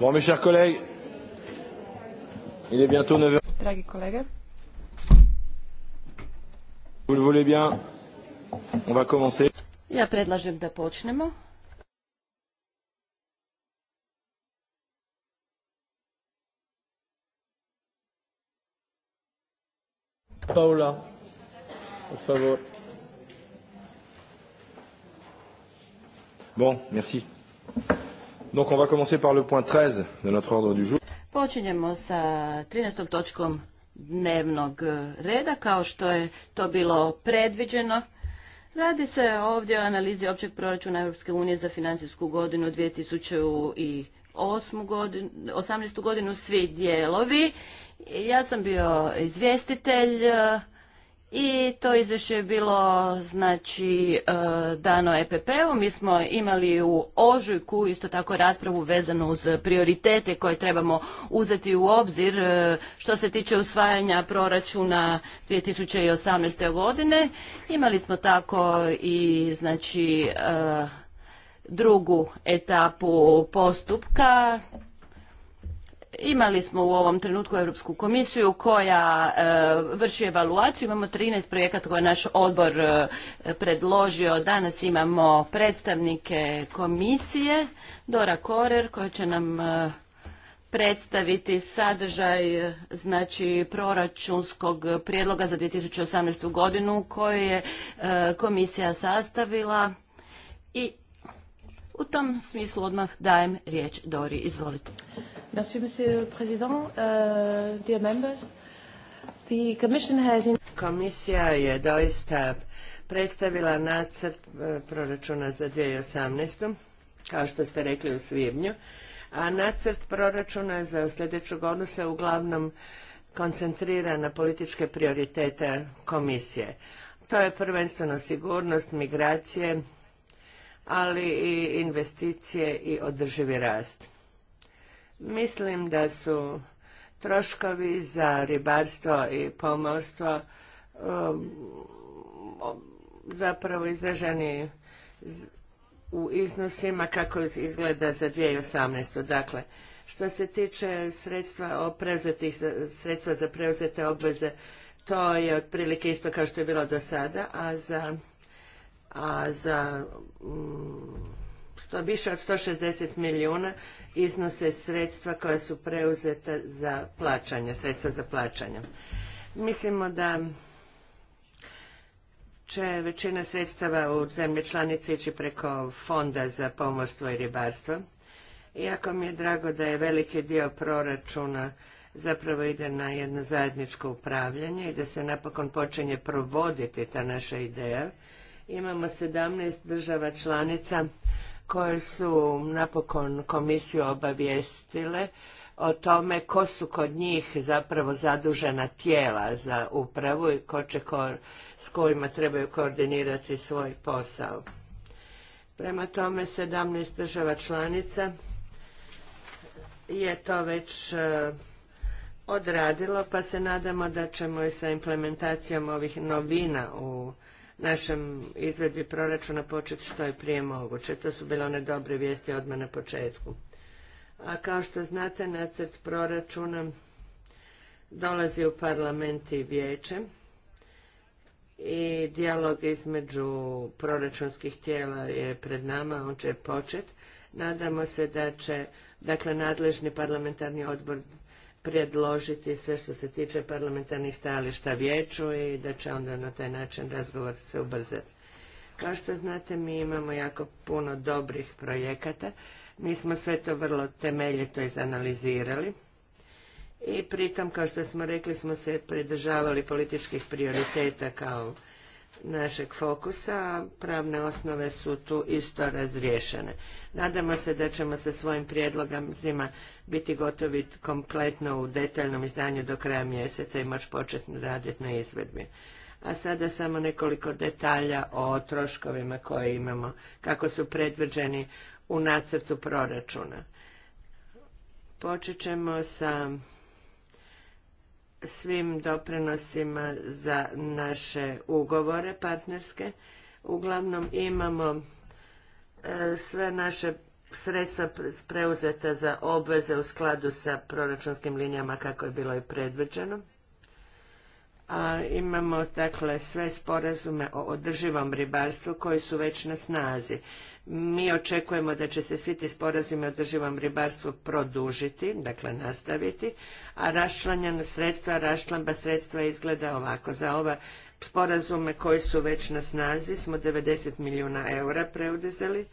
Bon, mes chers collègues, il est bientôt 9h. Dragi kolege. Vous le voulez bien, on va commencer. Ja predlažem da počnemo. Paola, por favor. Bon, merci. Donc on va commencer par le point 13 de notre ordre du jour. Počinjemo sa 13. točkom dnevnog e, reda kao što je to bilo predviđeno. Radi se ovdje o analizi općeg proračuna Europske unije za financijsku godinu 2008. godinu, 18. godinu svi dijelovi. Ja sam bio izvjestitelj e, i to izvješće je bilo znači e, dano EPP-u. Mi smo imali u ožujku isto tako raspravu vezanu uz prioritete koje trebamo uzeti u obzir e, što se tiče usvajanja proračuna 2018. godine. Imali smo tako i znači e, drugu etapu postupka Imali smo u ovom trenutku Europsku komisiju koja e, vrši evaluaciju, imamo 13 projekata koje je naš odbor e, predložio. Danas imamo predstavnike komisije, Dora Korer koja će nam e, predstaviti sadržaj znači proračunskog prijedloga za 2018. godinu koju je komisija sastavila i u tom smislu odmah dajem riječ Dori. Izvolite. Euh, Komisija je doista predstavila nacrt e, proračuna za 2018. kao što ste rekli u svibnju, a nacrt proračuna za sljedeću godinu se uglavnom koncentrira na političke prioritete komisije. To je prvenstveno sigurnost, migracije, ali i investicije i održivi rast. Mislim da su troškovi za ribarstvo i pomorstvo um, um, zapravo izraženi u iznosima kako izgleda za 2018. Dakle, što se tiče sredstva, sredstva za preuzete obveze, to je otprilike isto kao što je bilo do sada, a za a za mm, više od 160 milijuna iznose sredstva koja su preuzeta za plaćanje, sredstva za plaćanje. Mislimo da će većina sredstava u zemlje članice ići preko Fonda za pomorstvo i ribarstvo. Iako mi je drago da je veliki dio proračuna zapravo ide na jedno zajedničko upravljanje i da se napokon počinje provoditi ta naša ideja Imamo 17 država članica koje su napokon komisiju obavijestile o tome ko su kod njih zapravo zadužena tijela za upravu i ko s kojima trebaju koordinirati svoj posao. Prema tome, 17 država članica je to već e, odradilo, pa se nadamo da ćemo i sa implementacijom ovih novina u našem izvedbi proračuna početi što je prije moguće. To su bile one dobre vijesti odmah na početku. A kao što znate, nacrt proračuna dolazi u parlament i vijeće i dijalog između proračunskih tijela je pred nama, on će početi. Nadamo se da će, dakle, nadležni parlamentarni odbor predložiti sve što se tiče parlamentarnih stajališta vijeću i da će onda na taj način razgovor se ubrzati. Kao što znate, mi imamo jako puno dobrih projekata. Mi smo sve to vrlo temeljito izanalizirali i pritom, kao što smo rekli, smo se pridržavali političkih prioriteta kao našeg fokusa, a pravne osnove su tu isto razriješene. Nadamo se da ćemo sa svojim prijedlogama biti gotovi kompletno u detaljnom izdanju do kraja mjeseca i moći početi raditi na izvedbi. A sada samo nekoliko detalja o troškovima koje imamo, kako su predviđeni u nacrtu proračuna. Počet ćemo sa svim doprinosima za naše ugovore partnerske. Uglavnom imamo e, sve naše sredstva preuzeta za obveze u skladu sa proračunskim linijama kako je bilo i predviđeno. A imamo dakle sve sporazume o održivom ribarstvu koji su već na snazi. Mi očekujemo da će se svi ti sporazumi o održivom ribarstvu produžiti, dakle nastaviti, a raščlanjena sredstva, raščlamba sredstva izgleda ovako. Za ova sporazume koji su već na snazi smo 90 milijuna eura preuzeli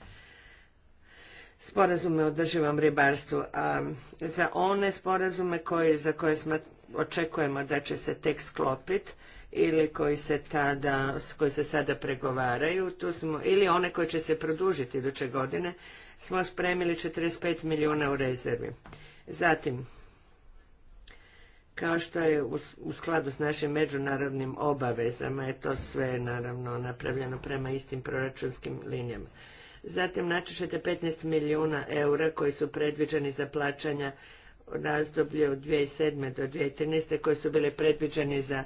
sporazume o održivom ribarstvu, a za one sporazume za koje smo, očekujemo da će se tek sklopiti ili koji se tada, koji se sada pregovaraju, ili one koje će se produžiti iduće godine, smo spremili 45 milijuna u rezervi. Zatim, kao što je u skladu s našim međunarodnim obavezama, je to sve naravno napravljeno prema istim proračunskim linijama. Zatim naći ćete 15 milijuna eura koji su predviđeni za plaćanja razdoblje od 2007. do 2013. koji su bili predviđeni za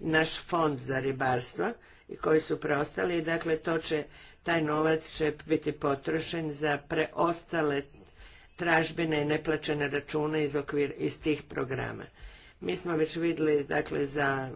naš fond za ribarstvo i koji su preostali. Dakle, to će, taj novac će biti potrošen za preostale tražbine i neplaćene račune iz, okvir, iz tih programa. Mi smo već vidjeli, dakle, za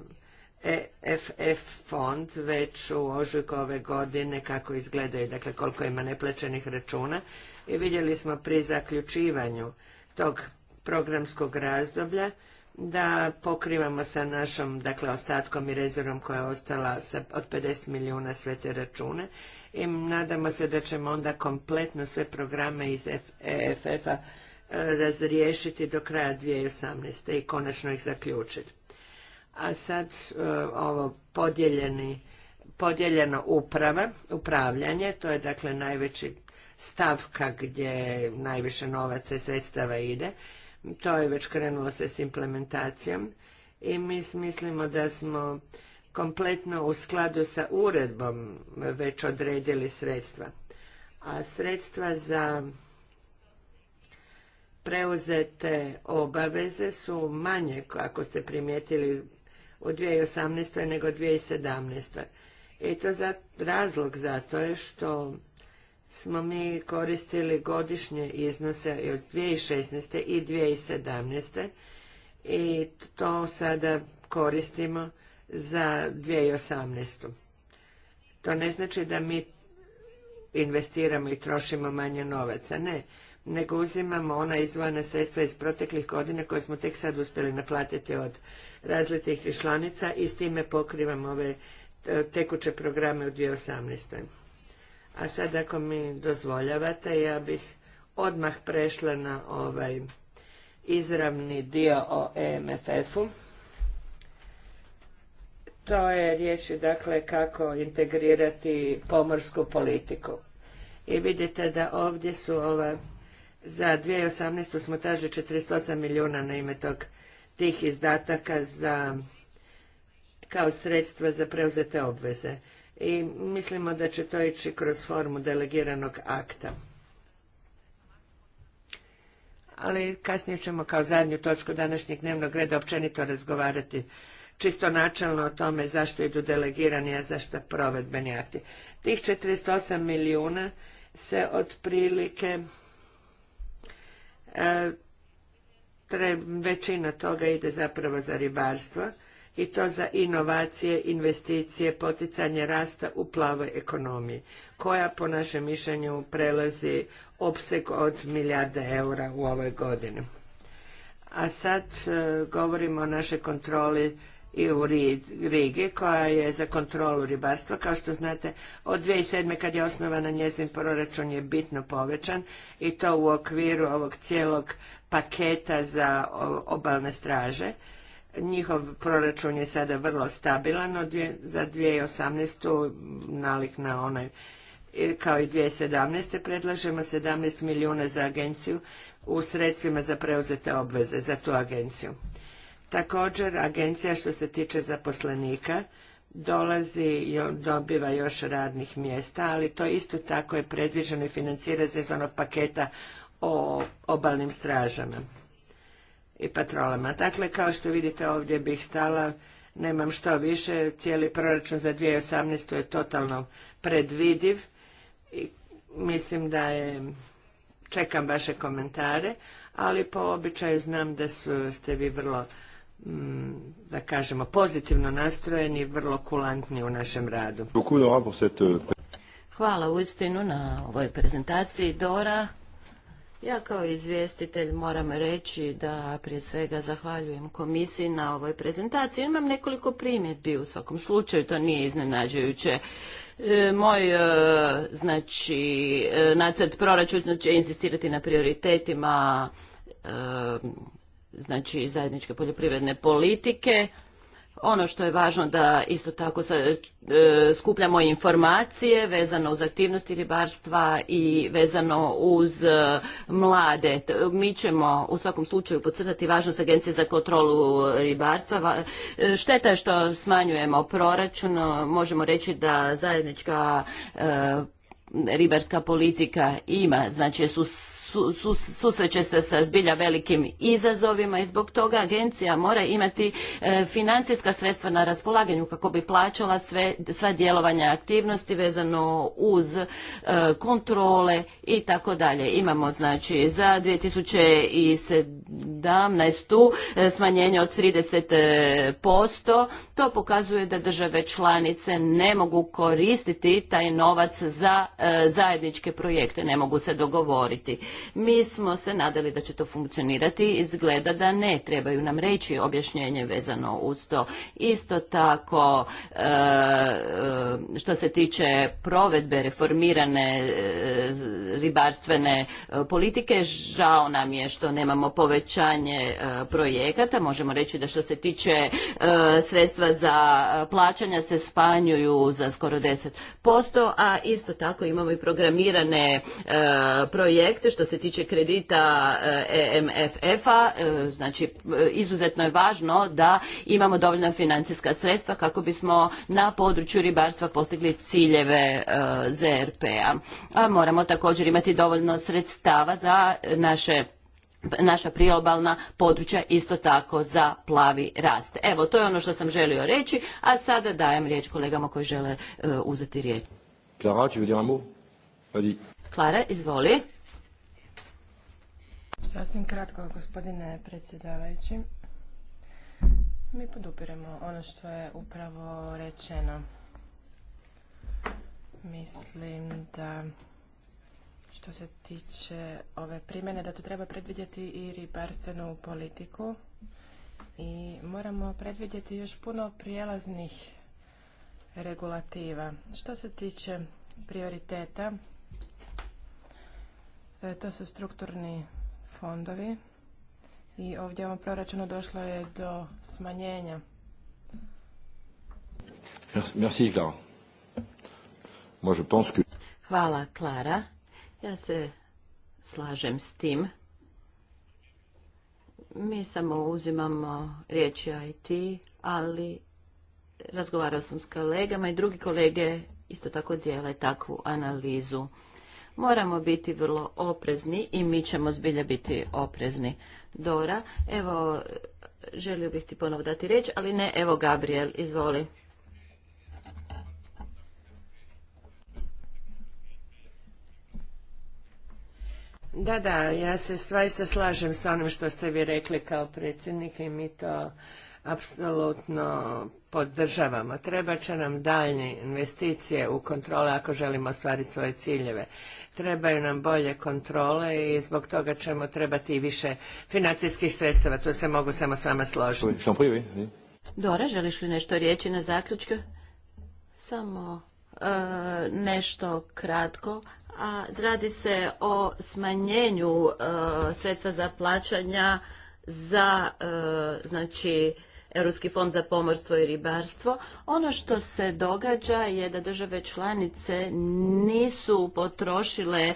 EFF fond već u ožujku ove godine kako izgledaju, dakle koliko ima neplaćenih računa i vidjeli smo pri zaključivanju tog programskog razdoblja da pokrivamo sa našom, dakle, ostatkom i rezervom koja je ostala sa, od 50 milijuna sve te račune i nadamo se da ćemo onda kompletno sve programe iz EFF-a e, razriješiti do kraja 2018. i konačno ih zaključiti. A sad e, ovo podijeljeni, podijeljeno uprava, upravljanje, to je dakle najveći stavka gdje najviše novaca i sredstava ide. To je već krenulo se s implementacijom i mi mislimo da smo kompletno u skladu sa uredbom već odredili sredstva. A sredstva za preuzete obaveze su manje, ako ste primijetili u 2018. nego 2017. I to za, razlog za to je što smo mi koristili godišnje iznose od 2016. i 2017. i to sada koristimo za 2018. To ne znači da mi investiramo i trošimo manje novaca, ne nego uzimamo ona izvojena sredstva iz proteklih godina koje smo tek sad uspjeli naplatiti od različitih članica i s time pokrivamo ove e, tekuće programe u 2018. A sad ako mi dozvoljavate, ja bih odmah prešla na ovaj izravni dio o EMFF-u. To je riječ dakle kako integrirati pomorsku politiku. I vidite da ovdje su ova za 2018. smo tražili 48 milijuna na ime tog tih izdataka za kao sredstva za preuzete obveze. I mislimo da će to ići kroz formu delegiranog akta. Ali kasnije ćemo kao zadnju točku današnjeg dnevnog reda općenito razgovarati čisto načalno o tome zašto idu delegirani, a zašto provedbeni akti. Tih 48 milijuna se otprilike E, većina toga ide zapravo za ribarstvo i to za inovacije, investicije, poticanje rasta u plavoj ekonomiji, koja po našem mišljenju prelazi opseg od milijarde eura u ovoj godini. A sad e, govorimo o našoj kontroli i u Rigi koja je za kontrolu ribarstva. Kao što znate, od 2007. kad je osnovana njezin proračun je bitno povećan i to u okviru ovog cijelog paketa za obalne straže. Njihov proračun je sada vrlo stabilan za dvije, za 2018. nalik na onaj e, kao i 2017. predlažemo 17 milijuna za agenciju u sredstvima za preuzete obveze za tu agenciju. Također, agencija što se tiče zaposlenika dolazi, i dobiva još radnih mjesta, ali to isto tako je predviđeno i financira se iz onog paketa o obalnim stražama i patrolama. Dakle, kao što vidite ovdje bih stala, nemam što više, cijeli proračun za 2018. je totalno predvidiv i mislim da je, čekam vaše komentare, ali po običaju znam da ste vi vrlo Mm, da kažemo, pozitivno nastrojeni i vrlo kulantni u našem radu. Euh, Hvala uistinu na ovoj prezentaciji, Dora. Ja kao izvjestitelj moram reći da prije svega zahvaljujem komisiji na ovoj prezentaciji. Imam nekoliko primjedbi u svakom slučaju, to nije iznenađajuće. E, moj e, znači, e, nacrt proračuna će insistirati na prioritetima znači zajedničke poljoprivredne politike. Ono što je važno da isto tako e, skupljamo informacije vezano uz aktivnosti ribarstva i vezano uz e, mlade. Mi ćemo u svakom slučaju podcrtati važnost Agencije za kontrolu ribarstva. E, šteta je što smanjujemo proračun. Možemo reći da zajednička ribarska politika ima, znači su susreće se sa zbilja velikim izazovima i zbog toga agencija mora imati e, financijska sredstva na raspolaganju kako bi plaćala sva djelovanja aktivnosti vezano uz e, kontrole i tako dalje. Imamo znači za 2017. E, smanjenje od 30%. To pokazuje da države članice ne mogu koristiti taj novac za zajedničke projekte, ne mogu se dogovoriti. Mi smo se nadali da će to funkcionirati, izgleda da ne, trebaju nam reći objašnjenje vezano uz to. Isto tako, e, e, što se tiče provedbe reformirane e, ribarstvene politike, žao nam je što nemamo povećanje projekata, možemo reći da što se tiče sredstva za plaćanja se spanjuju za skoro 10%, a isto tako imamo i programirane projekte što se tiče kredita EMFF-a, e e, znači e, izuzetno je važno da imamo dovoljna financijska sredstva kako bismo na području ribarstva postigli ciljeve ZRP-a. moramo također imati dovoljno sredstava za naše naša priobalna područja isto tako za plavi rast. Evo, to je ono što sam želio reći, a sada dajem riječ kolegama koji žele uzeti riječ. Klara, izvoli. Sasvim kratko, gospodine predsjedavajući. Mi podupiremo ono što je upravo rečeno. Mislim da što se tiče ove primjene, da to treba predvidjeti i ribarstvenu politiku i moramo predvidjeti još puno prijelaznih regulativa. Što se tiče prioriteta, e, to su strukturni fondovi i ovdje u ovom proračunu došlo je do smanjenja. Hvala, Klara. Ja se slažem s tim. Mi samo uzimamo riječi IT, ali razgovarao sam s kolegama i drugi kolege isto tako dijele takvu analizu moramo biti vrlo oprezni i mi ćemo zbilja biti oprezni. Dora, evo, želio bih ti ponovo dati riječ, ali ne, evo Gabriel, izvoli. Da, da, ja se svaista slažem sa onim što ste vi rekli kao predsjednik i mi to apsolutno podržavamo. Treba će nam daljnje investicije u kontrole ako želimo ostvariti svoje ciljeve. Trebaju nam bolje kontrole i zbog toga ćemo trebati i više financijskih sredstava. Tu se mogu samo s vama složiti. Dora, želiš li nešto riječi na zaključke? Samo e, nešto kratko. A, radi se o smanjenju e, sredstva za plaćanja za e, znači Europski fond za pomorstvo i ribarstvo. Ono što se događa je da države članice nisu potrošile e,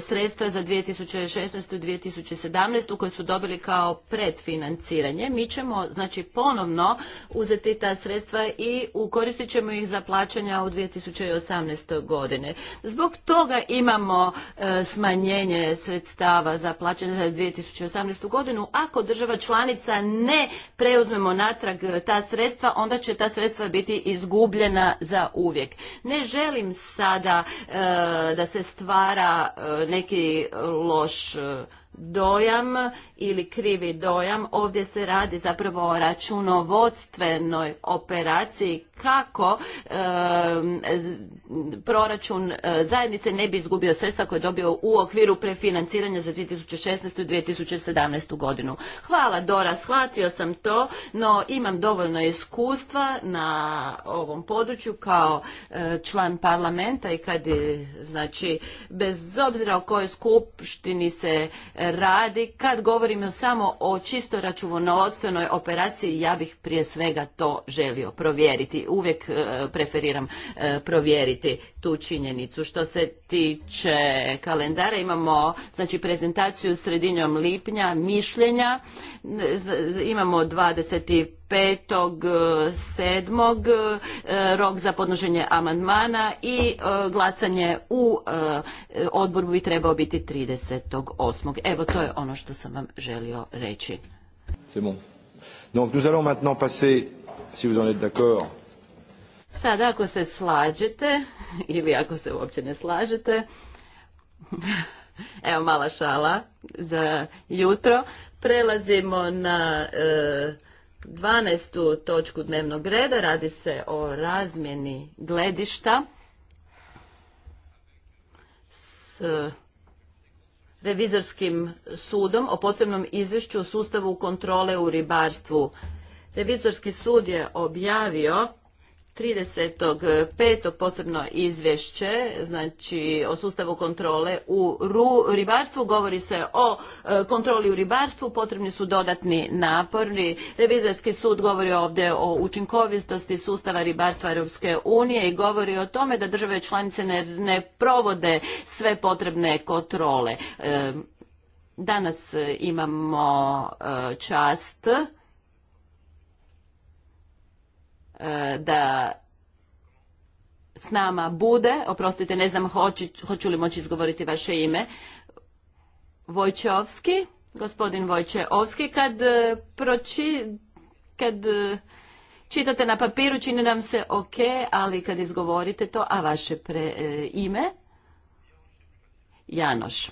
sredstva za 2016. i 2017. koje su dobili kao predfinanciranje. Mi ćemo znači ponovno uzeti ta sredstva i ukoristit ćemo ih za plaćanja u 2018. godine. Zbog toga imamo e, smanjenje sredstava za plaćanje za 2018. godinu ako država članica ne preuzmemo na E, ta sredstva, onda će ta sredstva biti izgubljena za uvijek. Ne želim sada e, da se stvara e, neki loš dojam ili krivi dojam. Ovdje se radi zapravo o računovodstvenoj operaciji kako proračun e, zajednice ne bi izgubio sredstva koje je dobio u okviru prefinanciranja za 2016. i 2017. godinu. Hvala Dora, shvatio sam to, no imam dovoljno iskustva na ovom području kao e, član parlamenta i kad je, znači, bez obzira o kojoj skupštini se e, radi. Kad govorimo samo o čisto računovodstvenoj operaciji, ja bih prije svega to želio provjeriti. Uvijek e, preferiram e, provjeriti tu činjenicu. Što se tiče kalendara imamo znači prezentaciju sredinjom lipnja mišljenja imamo 25.7. Eh, rok za podnoženje amandmana i eh, glasanje u eh, odboru bi trebao biti 30.8. Evo to je ono što sam vam želio reći. C'est bon. Donc nous si Sada ako se slađete ili ako se uopće ne slažete, evo mala šala za jutro, prelazimo na 12. E, točku dnevnog reda, radi se o razmjeni gledišta s revizorskim sudom o posebnom izvješću o sustavu kontrole u ribarstvu. Revizorski sud je objavio 30.5. posebno izvješće znači o sustavu kontrole u ribarstvu. Govori se o e, kontroli u ribarstvu, potrebni su dodatni napori. Revizorski sud govori ovdje o učinkovitosti sustava ribarstva Europske unije i govori o tome da države članice ne provode sve potrebne kontrole. E, danas imamo e, čast E, da s nama bude, oprostite, ne znam hoću, hoću li moći izgovoriti vaše ime, Vojčeovski, gospodin Vojčeovski, kad, e, proči, kad e, čitate na papiru čini nam se ok, ali kad izgovorite to, a vaše pre, ime? Janoš.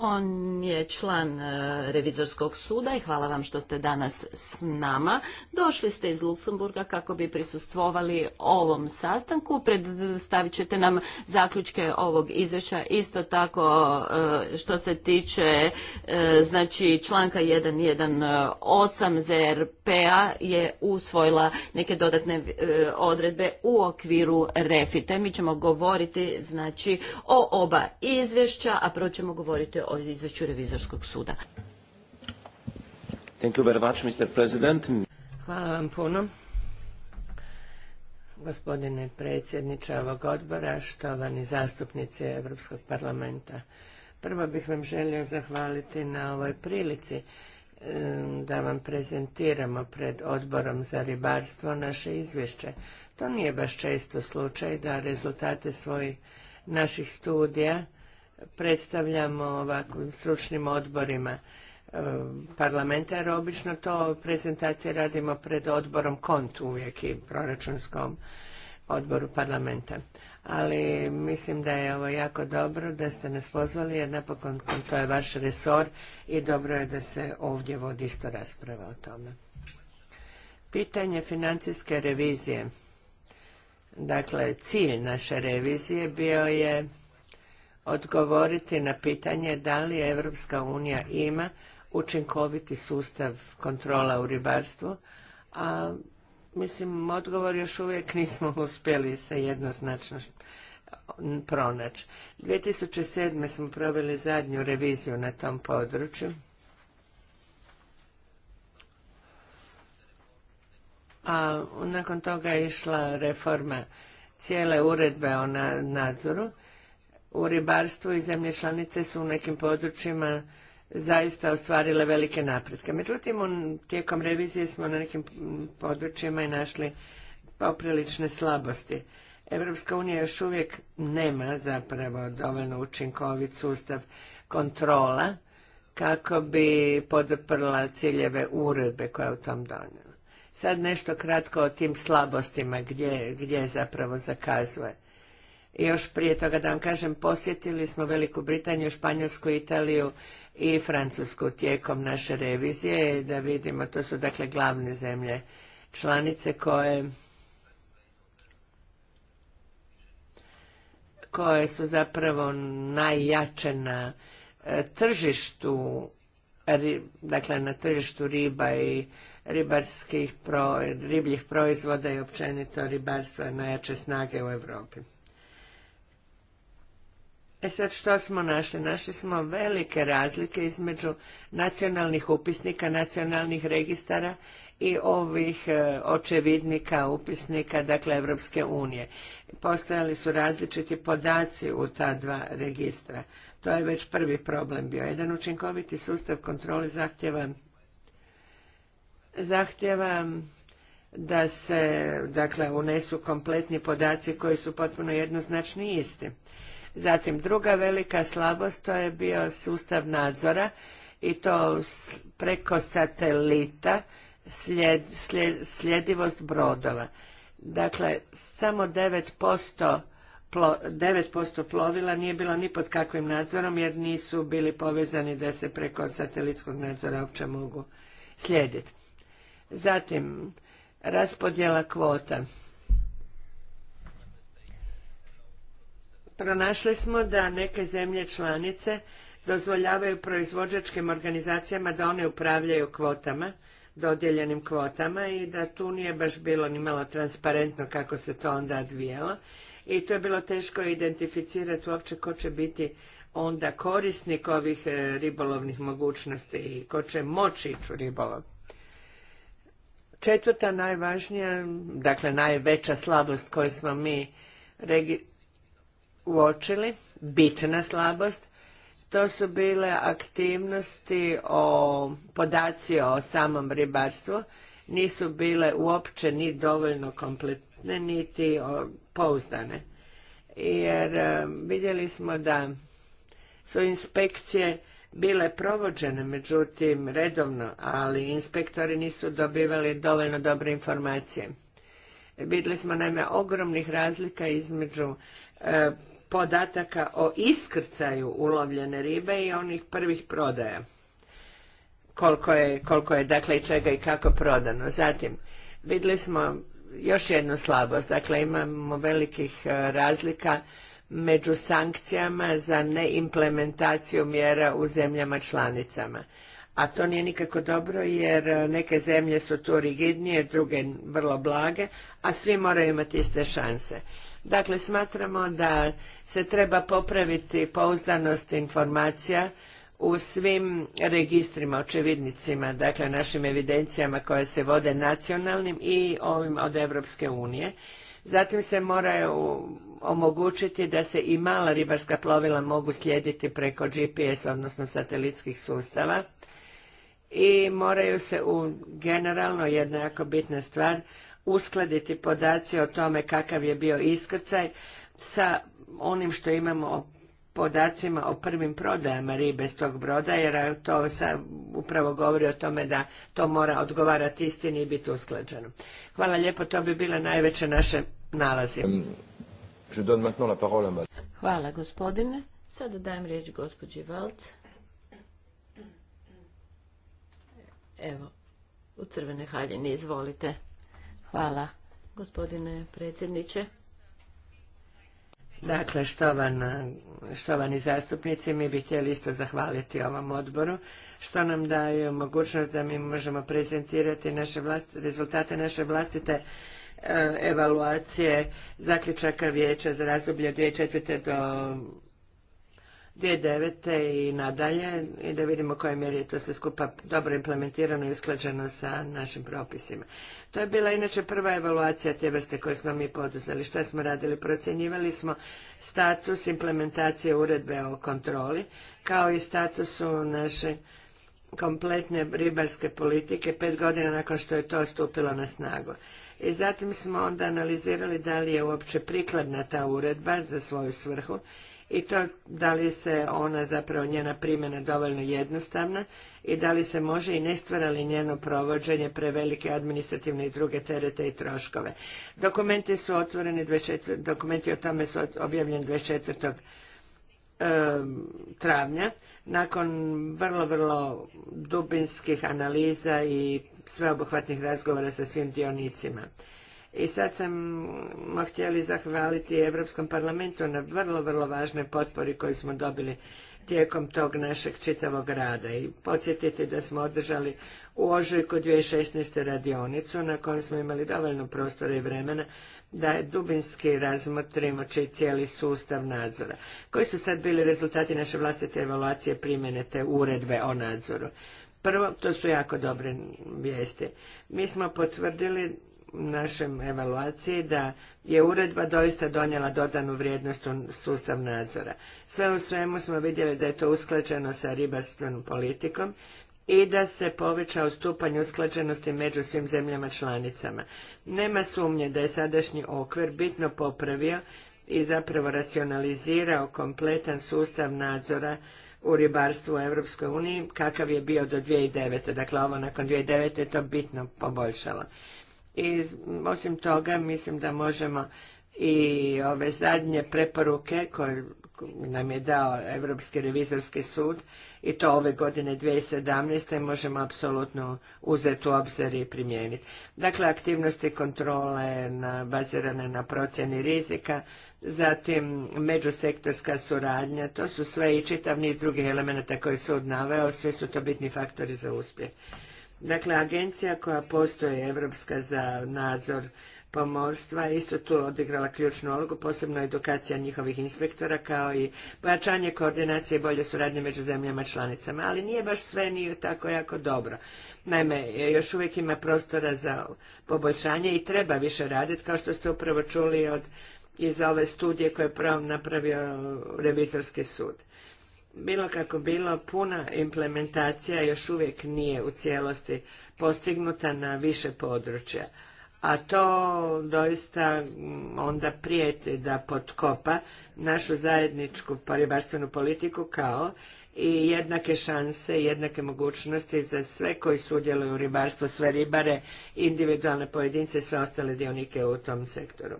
On je član e, revizorskog suda i hvala vam što ste danas s nama. Došli ste iz Luksemburga kako bi prisustvovali ovom sastanku. Predstavit ćete nam zaključke ovog izvješća. Isto tako e, što se tiče e, znači članka 1.1.8 ZRP-a je usvojila neke dodatne odredbe u okviru refite. Mi ćemo govoriti znači o oba izvješća, a prvo ćemo govoriti o izvješću revizorskog suda. Hvala vam puno, gospodine predsjedniče ovog odbora, štovani zastupnici Europskog parlamenta. Prvo bih vam želio zahvaliti na ovoj prilici da vam prezentiramo pred odborom za ribarstvo naše izvješće. To nije baš često slučaj da rezultate svojih naših studija predstavljamo ovakvim stručnim odborima e, parlamenta, jer obično to prezentacije radimo pred odborom KONT uvijek i proračunskom odboru parlamenta. Ali mislim da je ovo jako dobro da ste nas pozvali jer napokon to je vaš resor i dobro je da se ovdje vodi isto rasprava o tome. Pitanje financijske revizije. Dakle, cilj naše revizije bio je odgovoriti na pitanje da li Evropska unija ima učinkoviti sustav kontrola u ribarstvu, a mislim odgovor još uvijek nismo uspjeli sa jednoznačno pronaći. 2007. smo proveli zadnju reviziju na tom području. A nakon toga je išla reforma cijele uredbe o nadzoru u ribarstvu i zemlje članice su u nekim područjima zaista ostvarile velike napretke. Međutim, tijekom revizije smo na nekim područjima i našli poprilične slabosti. Evropska unija još uvijek nema zapravo dovoljno učinkovit sustav kontrola kako bi podprla ciljeve uredbe koja je u tom donijela. Sad nešto kratko o tim slabostima gdje, gdje zapravo zakazuje. I još prije toga da vam kažem, posjetili smo Veliku Britaniju, Španjolsku, Italiju i Francusku tijekom naše revizije da vidimo, to su dakle glavne zemlje članice koje koje su zapravo najjače na e, tržištu dakle na tržištu riba i ribarskih ribljih proizvoda i općenito ribarstva najjače snage u Europi. E sad što smo našli? Našli smo velike razlike između nacionalnih upisnika, nacionalnih registara i ovih e, očevidnika, upisnika, dakle Evropske unije. Postojali su različiti podaci u ta dva registra. To je već prvi problem bio. Jedan učinkoviti sustav kontrole zahtjeva zahtjeva da se dakle unesu kompletni podaci koji su potpuno jednoznačni i isti. Zatim druga velika slabost to je bio sustav nadzora i to preko satelita sljed, sljedivost brodova. Dakle, samo 9% 9% plovila nije bilo ni pod kakvim nadzorom jer nisu bili povezani da se preko satelitskog nadzora uopće mogu slijediti. Zatim, raspodjela kvota. Pronašli smo da neke zemlje članice dozvoljavaju proizvođačkim organizacijama da one upravljaju kvotama, dodijeljenim kvotama i da tu nije baš bilo ni malo transparentno kako se to onda odvijalo i to je bilo teško identificirati uopće ko će biti onda korisnik ovih e, ribolovnih mogućnosti i ko će moći ići u ribolov. Četvrta najvažnija, dakle najveća slabost koju smo mi uočili, bitna slabost, to su bile aktivnosti o podaci o samom ribarstvu, nisu bile uopće ni dovoljno kompletne, niti pouzdane. Jer e, vidjeli smo da su inspekcije bile provođene, međutim redovno, ali inspektori nisu dobivali dovoljno dobre informacije. Vidjeli smo naime ogromnih razlika između e, podataka o iskrcaju ulovljene ribe i onih prvih prodaja. Koliko je, koliko je dakle i čega i kako prodano. Zatim, vidjeli smo još jednu slabost, dakle imamo velikih e, razlika među sankcijama za neimplementaciju mjera u zemljama članicama. A to nije nikako dobro jer e, neke zemlje su tu rigidnije, druge vrlo blage, a svi moraju imati iste šanse. Dakle, smatramo da se treba popraviti pouzdanost informacija u svim registrima, očevidnicima, dakle našim evidencijama koje se vode nacionalnim i ovim od Evropske unije. Zatim se mora omogućiti da se i mala ribarska plovila mogu slijediti preko GPS, odnosno satelitskih sustava. I moraju se u generalno jedna jako bitna stvar uskladiti podaci o tome kakav je bio iskrcaj sa onim što imamo o podacima o prvim prodajama ribe s tog broda, jer to sa, upravo govori o tome da to mora odgovarati istini i biti usklađeno. Hvala lijepo, to bi bile najveće naše nalazi. Um, Hvala gospodine. Sada dajem riječ gospođi Valc. Evo, u crvene haljine, izvolite. Hvala, gospodine predsjedniče. Dakle, štovani zastupnici, mi bi htjeli isto zahvaliti ovom odboru, što nam daje mogućnost da mi možemo prezentirati naše vlastite rezultate naše vlastite e, evaluacije zaključaka vijeća za razdoblje 2004. do 2009. i nadalje i da vidimo koje mjeri je to sve skupa dobro implementirano i usklađeno sa našim propisima. To je bila inače prva evaluacija te vrste koje smo mi poduzeli. Šta smo radili? Procjenjivali smo status implementacije uredbe o kontroli kao i statusu naše kompletne ribarske politike pet godina nakon što je to stupilo na snagu. I zatim smo onda analizirali da li je uopće prikladna ta uredba za svoju svrhu i to da li se ona zapravo njena primjena dovoljno jednostavna i da li se može i ne stvara li njeno provođenje prevelike administrativne i druge terete i troškove. Dokumenti su otvoreni, dokumenti o tome su objavljeni 24. travnja nakon vrlo, vrlo dubinskih analiza i sveobuhvatnih razgovora sa svim dionicima. I sad sam htjeli zahvaliti Europskom parlamentu na vrlo, vrlo važne potpori koje smo dobili tijekom tog našeg čitavog rada i podsjetiti da smo održali u ožujku 2016. radionicu na kojoj smo imali dovoljno prostora i vremena da dubinski razmotrimo će cijeli sustav nadzora. Koji su sad bili rezultati naše vlastite evaluacije primjene te uredbe o nadzoru? Prvo, to su jako dobre vijesti. Mi smo potvrdili našem evaluaciji da je uredba doista donijela dodanu vrijednost u sustav nadzora. Sve u svemu smo vidjeli da je to usklađeno sa ribarstvenom politikom i da se povećao stupanj usklađenosti među svim zemljama članicama. Nema sumnje da je sadašnji okvir bitno popravio i zapravo racionalizirao kompletan sustav nadzora u ribarstvu u Europskoj uniji, kakav je bio do 2009. Dakle, ovo nakon 2009. je to bitno poboljšalo i osim toga mislim da možemo i ove zadnje preporuke koje nam je dao Europski revizorski sud i to ove godine 2017. možemo apsolutno uzeti u obzir i primijeniti. Dakle, aktivnosti kontrole bazirane na procjeni rizika, zatim međusektorska suradnja, to su sve i čitav niz drugih elemenata koje sud naveo, svi su to bitni faktori za uspjeh. Dakle, agencija koja postoji, Europska za nadzor pomorstva, isto tu odigrala ključnu ulogu, posebno edukacija njihovih inspektora, kao i pojačanje koordinacije i bolje suradnje među zemljama članicama. Ali nije baš sve tako jako dobro. Naime, još uvijek ima prostora za poboljšanje i treba više raditi, kao što ste upravo čuli od iz ove studije koje je napravio revizorski sud bilo kako bilo, puna implementacija još uvijek nije u cijelosti postignuta na više područja. A to doista mm, onda prijeti da potkopa našu zajedničku ribarstvenu politiku kao i jednake šanse, jednake mogućnosti za sve koji sudjeluju u ribarstvu, sve ribare, individualne pojedince i sve ostale dionike u tom sektoru.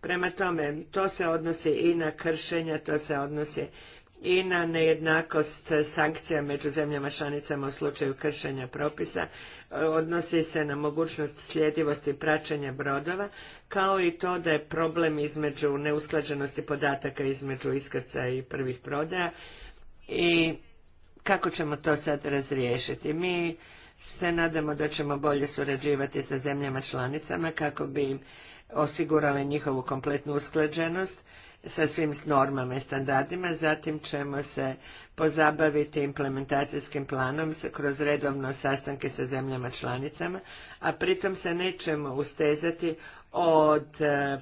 Prema tome, to se odnosi i na kršenja, to se odnosi i na nejednakost sankcija među zemljama članicama u slučaju kršenja propisa. Odnosi se na mogućnost sljedivosti praćenja brodova, kao i to da je problem između neusklađenosti podataka između iskrca i prvih prodaja i kako ćemo to sad razriješiti. Mi se nadamo da ćemo bolje surađivati sa zemljama članicama kako bi im osigurali njihovu kompletnu usklađenost sa svim normama i standardima, zatim ćemo se pozabaviti implementacijskim planom kroz redovno sastanke sa zemljama članicama, a pritom se nećemo ustezati od e,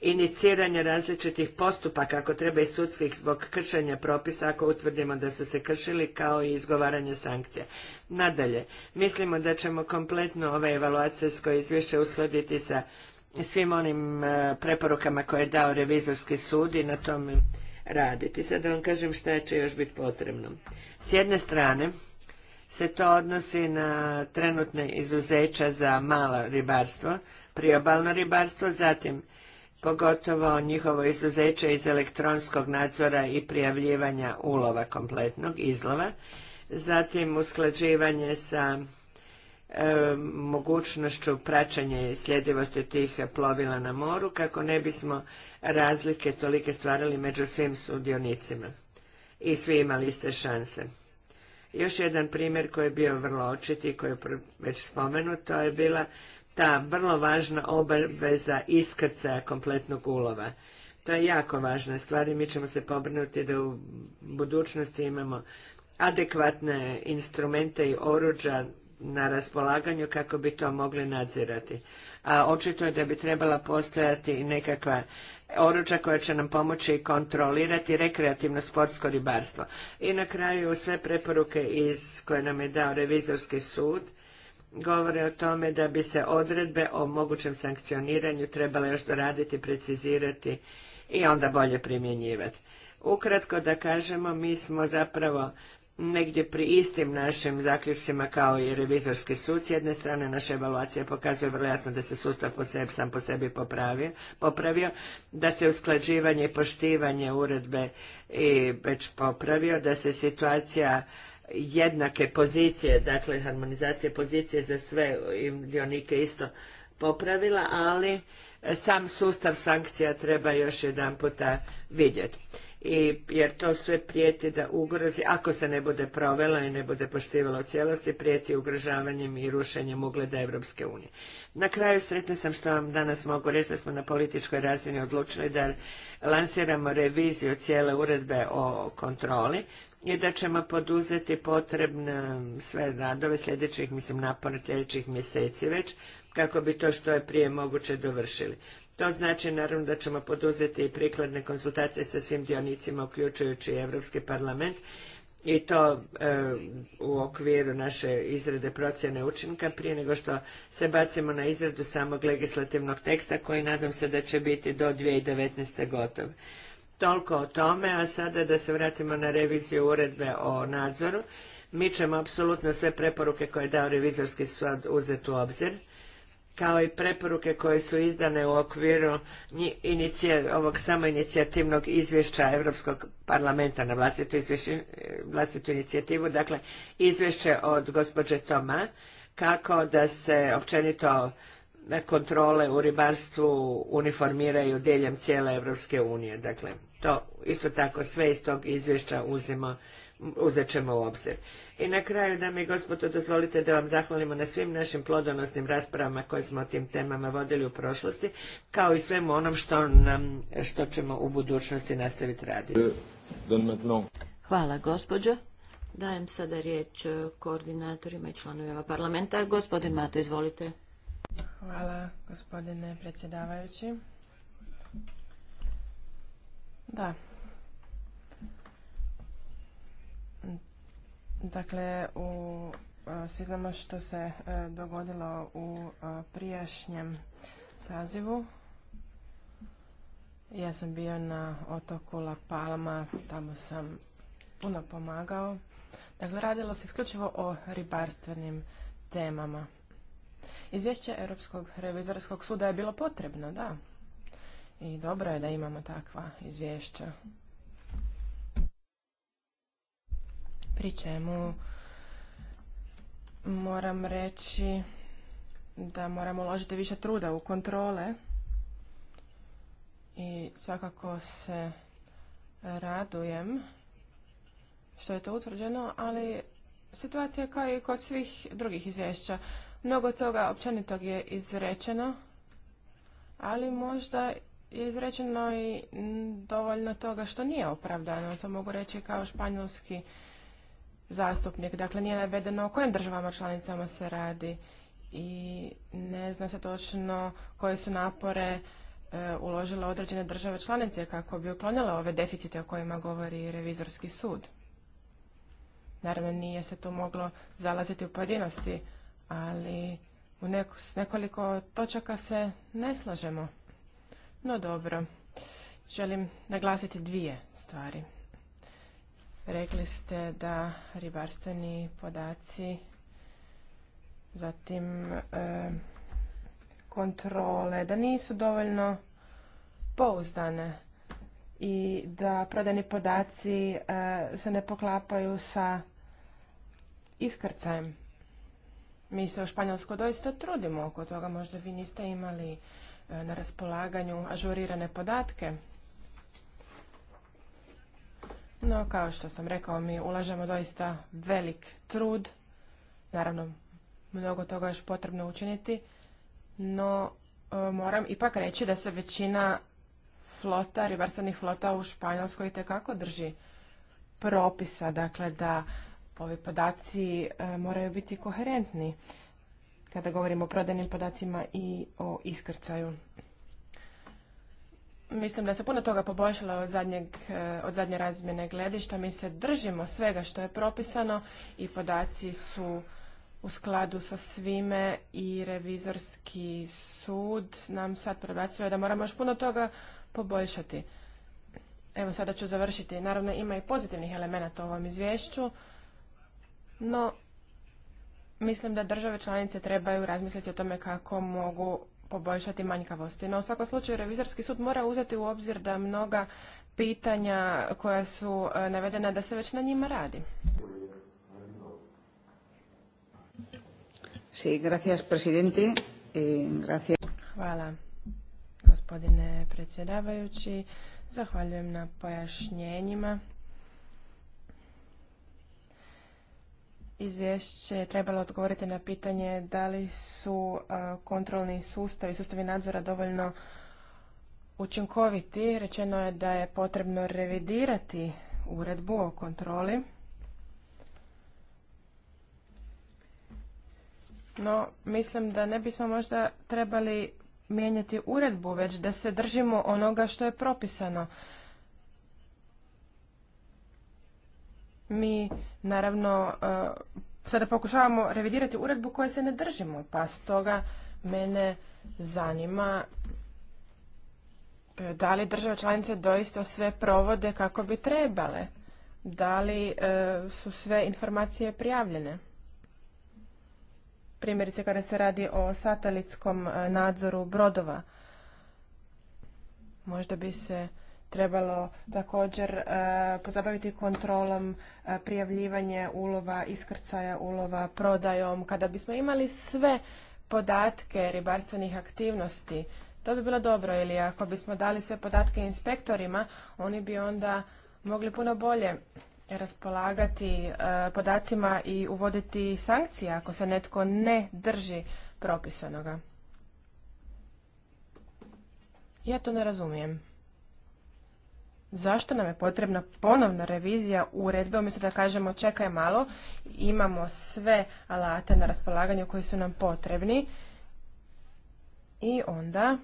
iniciranja različitih postupaka, ako treba i sudskih, zbog kršenja propisa, ako utvrdimo da su se kršili, kao i izgovaranje sankcija. Nadalje, mislimo da ćemo kompletno ove evaluacijsko izvješće uskladiti sa svim onim e, preporukama koje je dao revizorski sud i na tome raditi. Sad da vam kažem šta će još biti potrebno. S jedne strane se to odnosi na trenutne izuzeća za malo ribarstvo, priobalno ribarstvo, zatim pogotovo njihovo izuzeće iz elektronskog nadzora i prijavljivanja ulova kompletnog, izlova, zatim usklađivanje sa E, mogućnošću praćanja i sljedivosti tih plovila na moru kako ne bismo razlike tolike stvarali među svim sudionicima i svi imali iste šanse. Još jedan primjer koji je bio vrlo očiti i koji je već spomenut, to je bila ta vrlo važna obaveza iskrcaja kompletnog ulova. To je jako važna stvar i mi ćemo se pobrinuti da u budućnosti imamo adekvatne instrumente i oruđa na raspolaganju kako bi to mogli nadzirati. A očito je da bi trebala postojati nekakva oruđa koja će nam pomoći kontrolirati rekreativno sportsko ribarstvo. I na kraju sve preporuke iz koje nam je dao revizorski sud govore o tome da bi se odredbe o mogućem sankcioniranju trebale još doraditi, precizirati i onda bolje primjenjivati. Ukratko da kažemo, mi smo zapravo negdje pri istim našim zaključcima kao i revizorski sud. S jedne strane naša evaluacija pokazuje vrlo jasno da se sustav sam po sebi popravio, popravio, da se usklađivanje i poštivanje uredbe već popravio, da se situacija jednake pozicije, dakle harmonizacije pozicije za sve dionike isto popravila, ali sam sustav sankcija treba još jedan puta vidjeti i jer to sve prijeti da ugrozi, ako se ne bude provelo i ne bude poštivalo u cijelosti, prijeti ugrožavanjem i rušenjem ugleda Evropske unije. Na kraju sretna sam što vam danas mogu reći da smo na političkoj razini odlučili da lansiramo reviziju cijele uredbe o kontroli i da ćemo poduzeti potrebne sve radove sljedećih, mislim, napore sljedećih mjeseci već, kako bi to što je prije moguće dovršili. To znači naravno da ćemo poduzeti i prikladne konzultacije sa svim dionicima, uključujući Europski parlament i to e, u okviru naše izrade procjene učinka prije nego što se bacimo na izradu samog legislativnog teksta koji nadam se da će biti do 2019. gotov. Toliko o tome, a sada da se vratimo na reviziju uredbe o nadzoru. Mi ćemo apsolutno sve preporuke koje je dao revizorski sud uzeti u obzir kao i preporuke koje su izdane u okviru ovog samoinicijativnog izvješća Europskog parlamenta na vlastitu, inicijativu, dakle izvješće od gospođe Toma, kako da se općenito kontrole u ribarstvu uniformiraju diljem cijele Europske unije. Dakle, to isto tako sve iz tog izvješća uzimo uzet ćemo u obzir. I na kraju, dame i gospodo, dozvolite da vam zahvalimo na svim našim plodonosnim raspravama koje smo o tim temama vodili u prošlosti, kao i svemu onom što, ćemo u budućnosti nastaviti raditi. Hvala, gospođo. Dajem sada riječ e, koordinatorima i članovima parlamenta. Gospodin Mato, izvolite. Hvala, gospodine predsjedavajući. Da, Dakle, u, svi znamo što se e, dogodilo u prijašnjem sazivu. Ja sam bio na otoku La Palma, tamo sam puno pomagao. Dakle, radilo se isključivo o ribarstvenim temama. Izvješće Europskog revizorskog suda je bilo potrebno, da. I dobro je da imamo takva izvješća. pri čemu moram reći da moramo uložiti više truda u kontrole i svakako se radujem što je to utvrđeno, ali situacija je kao i kod svih drugih izvješća. Mnogo toga općenitog je izrečeno, ali možda je izrečeno i dovoljno toga što nije opravdano. To mogu reći kao španjolski zastupnik. Dakle, nije navedeno o kojim državama članicama se radi i ne zna se točno koje su napore e, uložile određene države članice kako bi uklonile ove deficite o kojima govori revizorski sud. Naravno, nije se to moglo zalaziti u pojedinosti, ali u nekoliko točaka se ne slažemo. No dobro, želim naglasiti dvije stvari. Rekli ste da ribarstveni podaci, zatim kontrole, da nisu dovoljno pouzdane i da prodani podaci eh, se ne poklapaju sa iskrcajem. Mi se u Španjolskoj doista trudimo oko toga, možda vi niste imali eh, na raspolaganju ažurirane podatke. No, kao što sam rekao, mi ulažemo doista velik trud. Naravno, mnogo toga još potrebno učiniti, no e, moram ipak reći da se većina flota, ribarstvenih flota u Španjolskoj tekako drži propisa, dakle da ovi podaci e, moraju biti koherentni kada govorimo o prodajnim podacima i o iskrcaju. Mislim da se puno toga poboljšalo od, zadnjeg, e, od zadnje razmjene gledišta. Mi se držimo svega što je propisano i podaci su u skladu sa svime i revizorski sud nam sad prebacuje da moramo još puno toga poboljšati. Evo sada ću završiti. Naravno ima i pozitivnih elemenata u ovom izvješću, no mislim da države članice trebaju razmisliti o tome kako mogu poboljšati manjkavosti. No u svakom slučaju revizorski sud mora uzeti u obzir da mnoga pitanja koja su e, navedena da se već na njima radi. Eh, Hvala, gospodine predsjedavajući. Zahvaljujem na pojašnjenjima. izvješće je trebalo odgovoriti na pitanje da li su kontrolni sustavi, sustavi nadzora dovoljno učinkoviti. Rečeno je da je potrebno revidirati uredbu o kontroli. No, mislim da ne bismo možda trebali mijenjati uredbu, već da se držimo onoga što je propisano. mi naravno e, sada pokušavamo revidirati uredbu koje se ne držimo, pa stoga mene zanima e, da li države članice doista sve provode kako bi trebale, da li e, su sve informacije prijavljene. Primjerice kada se radi o satelitskom nadzoru brodova, možda bi se trebalo također e, pozabaviti kontrolom e, prijavljivanje ulova, iskrcaja ulova, prodajom. Kada bismo imali sve podatke ribarstvenih aktivnosti, to bi bilo dobro ili ako bismo dali sve podatke inspektorima, oni bi onda mogli puno bolje raspolagati e, podacima i uvoditi sankcije ako se netko ne drži propisanoga. Ja to ne razumijem zašto nam je potrebna ponovna revizija uredbe, umjesto da kažemo čekaj malo, imamo sve alate na raspolaganju koji su nam potrebni i onda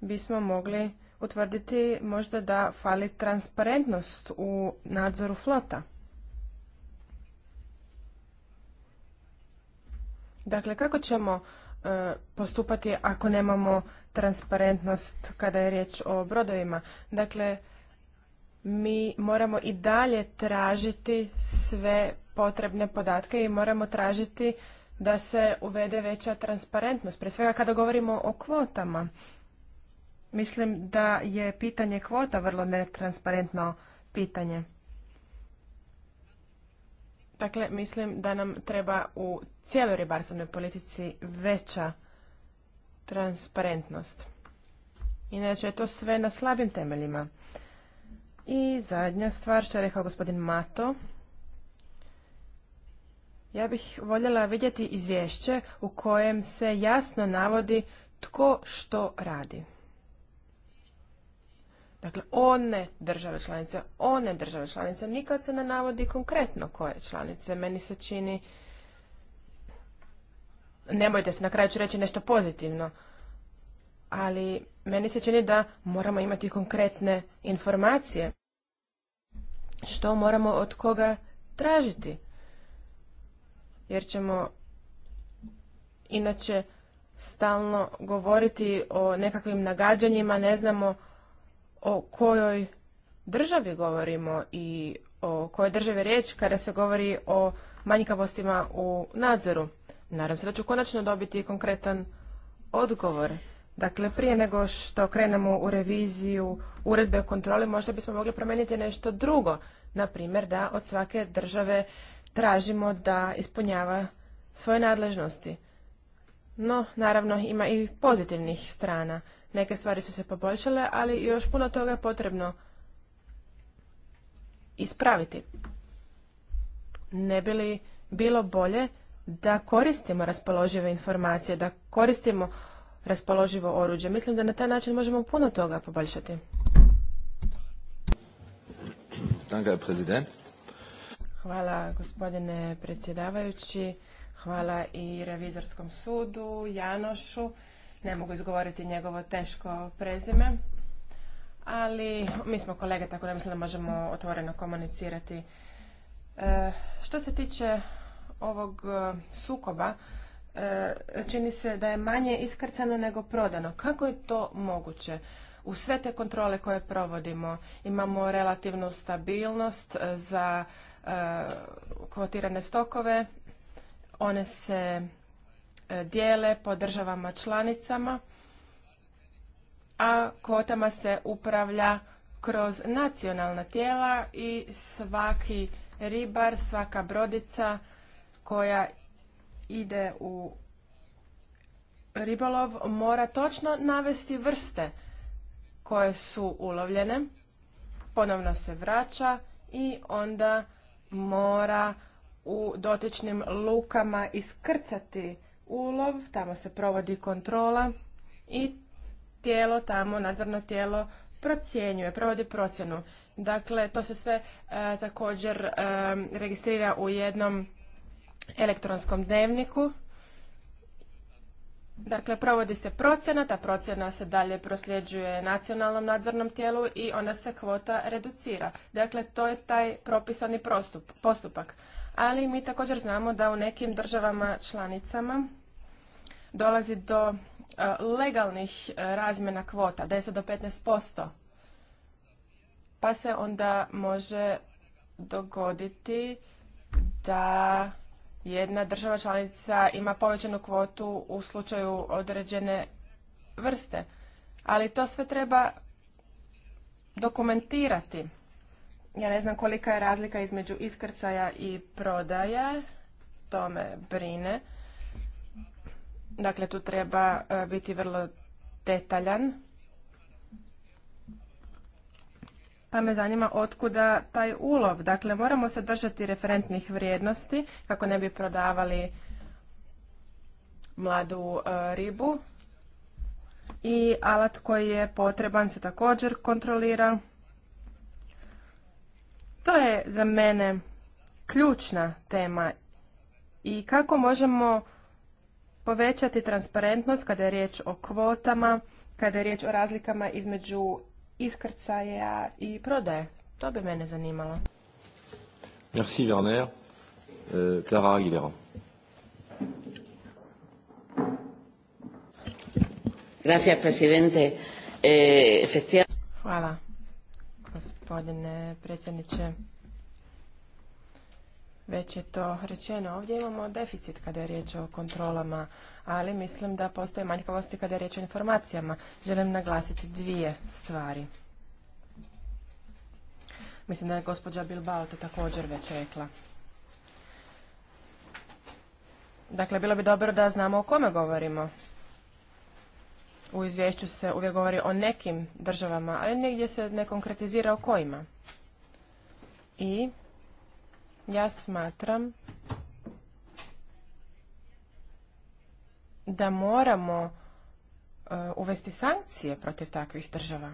bismo mogli utvrditi možda da fali transparentnost u nadzoru flota. Dakle, kako ćemo e, postupati ako nemamo transparentnost kada je riječ o brodovima. Dakle, mi moramo i dalje tražiti sve potrebne podatke i moramo tražiti da se uvede veća transparentnost. Pre svega kada govorimo o kvotama. Mislim da je pitanje kvota vrlo netransparentno pitanje. Dakle, mislim da nam treba u cijeloj ribarstvenoj politici veća transparentnost. Inače je to sve na slabim temeljima. I zadnja stvar što je rekao gospodin Mato. Ja bih voljela vidjeti izvješće u kojem se jasno navodi tko što radi. Dakle, one države članice, one države članice, nikad se ne navodi konkretno koje članice. Meni se čini nemojte se, na kraju ću reći nešto pozitivno, ali meni se čini da moramo imati konkretne informacije. Što moramo od koga tražiti? Jer ćemo inače stalno govoriti o nekakvim nagađanjima, ne znamo o kojoj državi govorimo i o kojoj državi riječ kada se govori o manjkavostima u nadzoru. Nadam se da ću konačno dobiti konkretan odgovor. Dakle, prije nego što krenemo u reviziju uredbe o kontroli, možda bismo mogli promijeniti nešto drugo. Na primjer, da od svake države tražimo da ispunjava svoje nadležnosti. No, naravno, ima i pozitivnih strana. Neke stvari su se poboljšale, ali još puno toga je potrebno ispraviti. Ne bi li bilo bolje da koristimo raspoložive informacije, da koristimo raspoloživo oruđe. Mislim da na taj način možemo puno toga poboljšati. Hvala gospodine predsjedavajući, hvala i revizorskom sudu, Janošu, ne mogu izgovoriti njegovo teško prezime, ali mi smo kolege tako da mislim da možemo otvoreno komunicirati. E, što se tiče ovog e, sukoba e, čini se da je manje iskrcano nego prodano. Kako je to moguće? U sve te kontrole koje provodimo imamo relativnu stabilnost e, za kvotirane stokove. One se dijele po državama članicama, a kvotama se upravlja kroz nacionalna tijela i svaki ribar, svaka brodica koja ide u ribolov mora točno navesti vrste koje su ulovljene, ponovno se vraća i onda mora u dotičnim lukama iskrcati ulov, tamo se provodi kontrola i tijelo tamo, nadzorno tijelo procjenjuje, provodi procjenu. Dakle, to se sve e, također e, registrira u jednom elektronskom dnevniku. Dakle, provodi se procjena, ta procjena se dalje prosljeđuje nacionalnom nadzornom tijelu i ona se kvota reducira. Dakle, to je taj propisani postupak. Ali mi također znamo da u nekim državama članicama dolazi do e, legalnih e, razmjena kvota, 10 do 15%. Pa se onda može dogoditi da jedna država članica ima povećanu kvotu u slučaju određene vrste. Ali to sve treba dokumentirati. Ja ne znam kolika je razlika između iskrcaja i prodaje, to me brine. Dakle, tu treba e, biti vrlo detaljan. pa me zanima otkuda taj ulov. Dakle, moramo se držati referentnih vrijednosti kako ne bi prodavali mladu e, ribu i alat koji je potreban se također kontrolira. To je za mene ključna tema i kako možemo povećati transparentnost kada je riječ o kvotama, kada je riječ o razlikama između iskrcaja i prodaje. To bi mene zanimalo. Merci Werner. Euh, Clara Aguilera. Gracias, presidente. Eh, efectivamente... Hvala, gospodine predsjedniče. Već je to rečeno. Ovdje imamo deficit kada je riječ o kontrolama, ali mislim da postoje manjkavosti kada je riječ o informacijama. Želim naglasiti dvije stvari. Mislim da je gospođa Bilbao to također već rekla. Dakle, bilo bi dobro da znamo o kome govorimo. U izvješću se uvijek govori o nekim državama, ali negdje se ne konkretizira o kojima. I ja smatram da moramo e, uvesti sankcije protiv takvih država.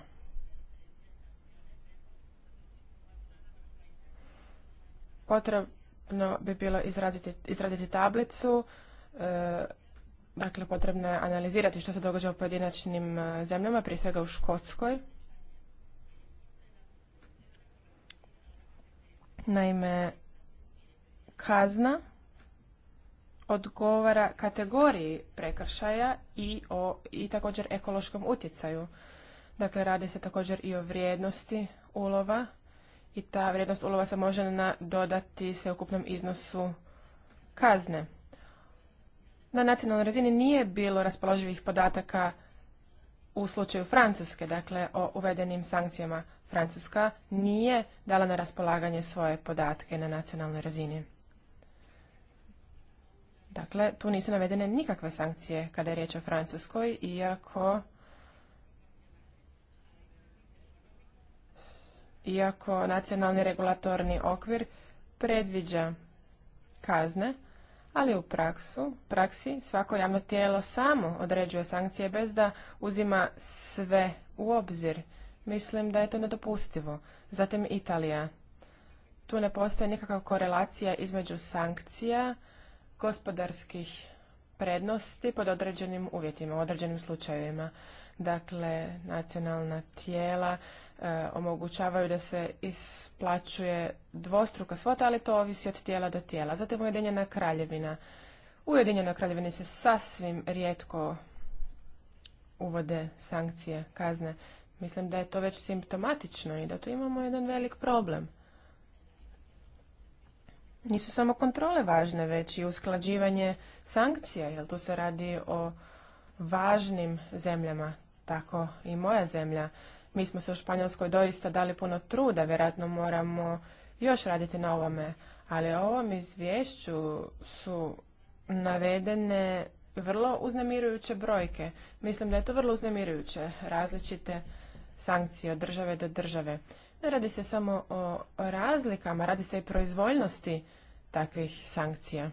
Potrebno bi bilo izraditi tablicu, e, dakle potrebno je analizirati što se događa u pojedinačnim e, zemljama, prije svega u Škotskoj. Naime, kazna odgovara kategoriji prekršaja i, o, i također ekološkom utjecaju. Dakle, radi se također i o vrijednosti ulova i ta vrijednost ulova se može dodati se ukupnom iznosu kazne. Na nacionalnoj razini nije bilo raspoloživih podataka u slučaju Francuske, dakle o uvedenim sankcijama Francuska nije dala na raspolaganje svoje podatke na nacionalnoj razini. Dakle, tu nisu navedene nikakve sankcije kada je riječ o Francuskoj, iako iako nacionalni regulatorni okvir predviđa kazne, ali u praksu, praksi svako javno tijelo samo određuje sankcije bez da uzima sve u obzir. Mislim da je to nedopustivo. Zatim Italija. Tu ne postoji nikakva korelacija između sankcija gospodarskih prednosti pod određenim uvjetima, u određenim slučajevima. Dakle, nacionalna tijela e, omogućavaju da se isplaćuje dvostruka svota, ali to ovisi od tijela do tijela. Zatim Ujedinjena kraljevina. U Ujedinjenoj kraljevini se sasvim rijetko uvode sankcije, kazne. Mislim da je to već simptomatično i da tu imamo jedan velik problem nisu samo kontrole važne, već i usklađivanje sankcija, jer tu se radi o važnim zemljama, tako i moja zemlja. Mi smo se u Španjolskoj doista dali puno truda, vjerojatno moramo još raditi na ovome, ali u ovom izvješću su navedene vrlo uznemirujuće brojke. Mislim da je to vrlo uznemirujuće, različite sankcije od države do države. Ne radi se samo o razlikama, radi se i proizvoljnosti takvih sankcija.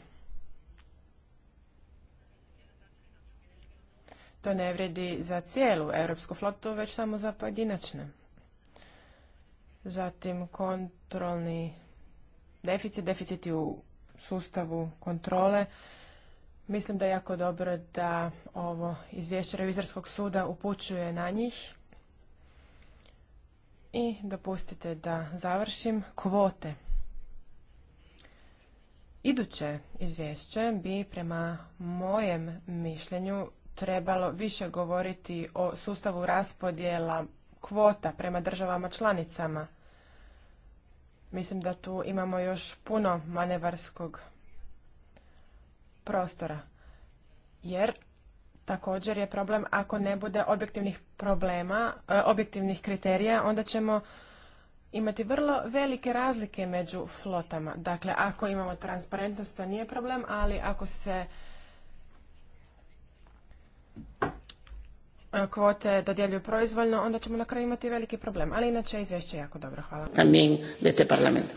To ne vredi za cijelu europsku flotu, već samo za pojedinačne. Zatim kontrolni deficit, deficiti u sustavu kontrole. Mislim da je jako dobro da ovo izvješće revizorskog suda upućuje na njih i dopustite da završim kvote. Iduće izvješće bi prema mojem mišljenju trebalo više govoriti o sustavu raspodjela kvota prema državama članicama. Mislim da tu imamo još puno manevarskog prostora. Jer Također je problem ako ne bude objektivnih problema, e, objektivnih kriterija, onda ćemo imati vrlo velike razlike među flotama. Dakle, ako imamo transparentnost, to nije problem, ali ako se e, kvote dodjeljuju proizvoljno, onda ćemo na kraju imati veliki problem. Ali inače, izvješće je jako dobro. Hvala. También parlamento.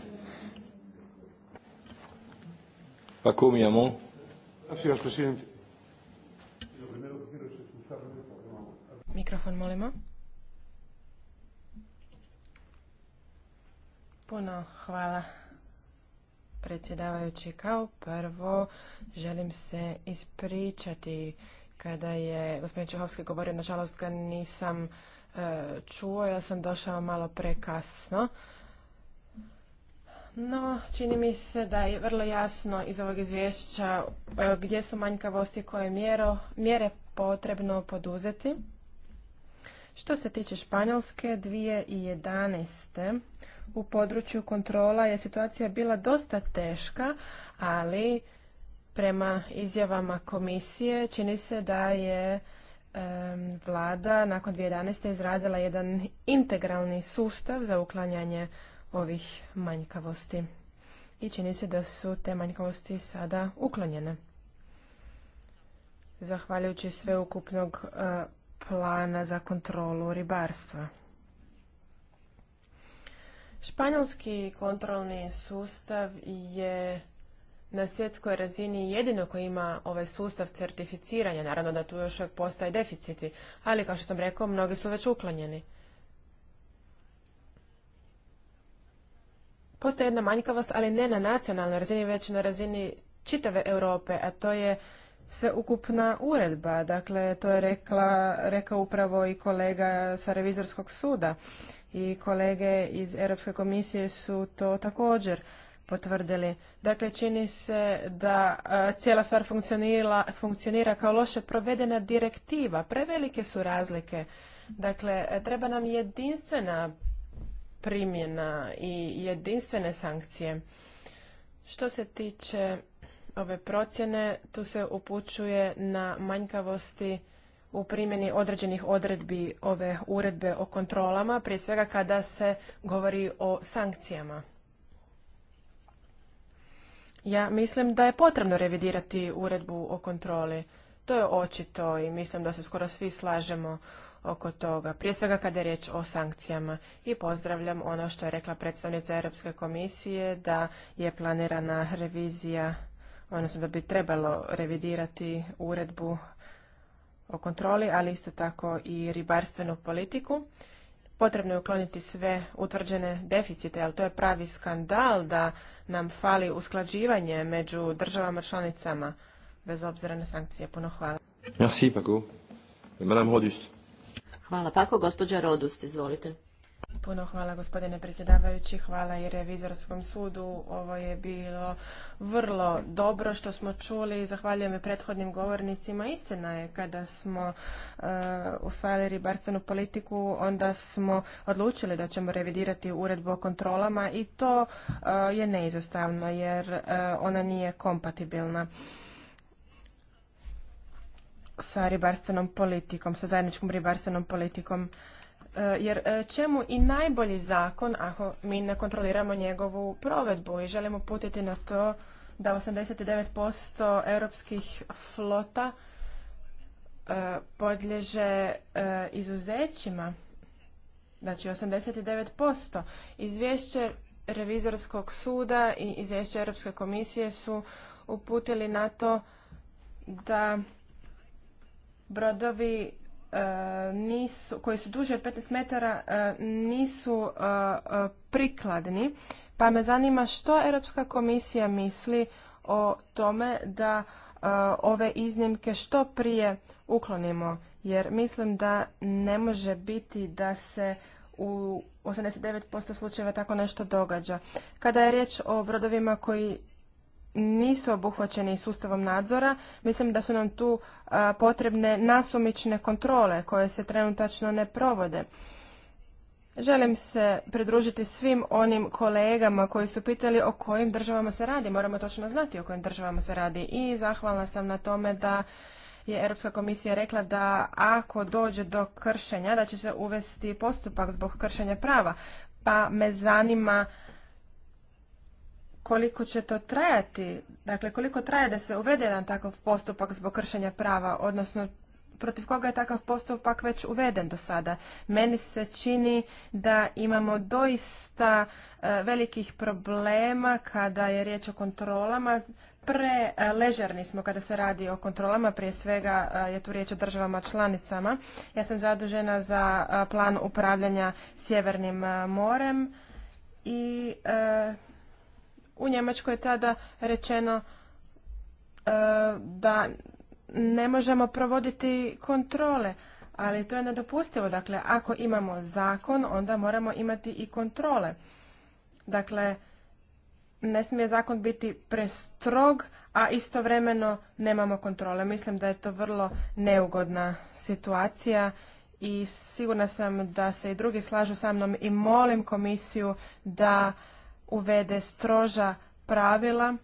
Mikrofon, molimo. Puno hvala predsjedavajući. Kao prvo želim se ispričati kada je gospodin Čehovski govorio, nažalost ga nisam e, čuo, ja sam došao malo prekasno. No, čini mi se da je vrlo jasno iz ovog izvješća e, gdje su manjkavosti koje mjere potrebno poduzeti. Što se tiče Španjolske, 2011. u području kontrola je situacija bila dosta teška, ali prema izjavama komisije čini se da je vlada nakon 2011. izradila jedan integralni sustav za uklanjanje ovih manjkavosti. I čini se da su te manjkavosti sada uklonjene. Zahvaljujući sveukupnog plana za kontrolu ribarstva. Španjolski kontrolni sustav je na svjetskoj razini jedino koji ima ovaj sustav certificiranja. Naravno da tu još uvijek postoje deficiti, ali kao što sam rekao, mnogi su već uklonjeni. Postoji jedna manjkavost, ali ne na nacionalnoj razini, već na razini čitave Europe, a to je sveukupna uredba. Dakle, to je rekla, rekao upravo i kolega sa revizorskog suda i kolege iz Europske komisije su to također potvrdili. Dakle, čini se da cijela stvar funkcionira kao loše provedena direktiva. Prevelike su razlike. Dakle, treba nam jedinstvena primjena i jedinstvene sankcije. Što se tiče ove procjene, tu se upućuje na manjkavosti u primjeni određenih odredbi ove uredbe o kontrolama, prije svega kada se govori o sankcijama. Ja mislim da je potrebno revidirati uredbu o kontroli. To je očito i mislim da se skoro svi slažemo oko toga, prije svega kada je riječ o sankcijama. I pozdravljam ono što je rekla predstavnica Europske komisije, da je planirana revizija odnosno da bi trebalo revidirati uredbu o kontroli, ali isto tako i ribarstvenu politiku. Potrebno je ukloniti sve utvrđene deficite, ali to je pravi skandal da nam fali usklađivanje među državama članicama, bez obzira na sankcije. Puno hvala. Merci, Paco. Madame Rodust. Hvala, Paco. Gospođa Rodust, izvolite. Puno hvala gospodine predsjedavajući, hvala i revizorskom sudu. Ovo je bilo vrlo dobro što smo čuli. Zahvaljujem i prethodnim govornicima. Istina je, kada smo eh, usvajali ribarstvenu politiku, onda smo odlučili da ćemo revidirati uredbu o kontrolama i to eh, je neizostavno jer eh, ona nije kompatibilna sa ribarstvenom politikom, sa zajedničkom ribarstvenom politikom E, jer e, čemu i najbolji zakon ako mi ne kontroliramo njegovu provedbu i želimo putiti na to da 89% europskih flota e, podlježe izuzećima. Znači 89%. Izvješće revizorskog suda i izvješće Europske komisije su uputili na to da brodovi E, nisu, koji su duži od 15 metara e, nisu e, prikladni, pa me zanima što Europska komisija misli o tome da ove iznimke što prije uklonimo, jer mislim da ne može biti da se u 89% slučajeva tako nešto događa. Kada je riječ o brodovima koji nisu obuhvaćeni sustavom nadzora, mislim da su nam tu potrebne nasumične kontrole koje se trenutačno ne provode. Želim se pridružiti svim onim kolegama koji su pitali o kojim državama se radi. Moramo točno znati o kojim državama se radi i zahvalna sam na tome da je Europska komisija rekla da ako dođe do kršenja, da će se uvesti postupak zbog kršenja prava. Pa me zanima koliko će to trajati, dakle koliko traje da se uvede jedan takav postupak zbog kršenja prava, odnosno protiv koga je takav postupak već uveden do sada. Meni se čini da imamo doista e, velikih problema kada je riječ o kontrolama. Pre smo kada se radi o kontrolama, prije svega e, je tu riječ o državama članicama. Ja sam zadužena za e, plan upravljanja Sjevernim morem i u Njemačkoj je tada rečeno e, da ne možemo provoditi kontrole, ali to je nedopustivo. Dakle, ako imamo zakon, onda moramo imati i kontrole. Dakle, ne smije zakon biti prestrog, a istovremeno nemamo kontrole. Mislim da je to vrlo neugodna situacija i sigurna sam da se i drugi slažu sa mnom i molim komisiju da uvede stroža pravila,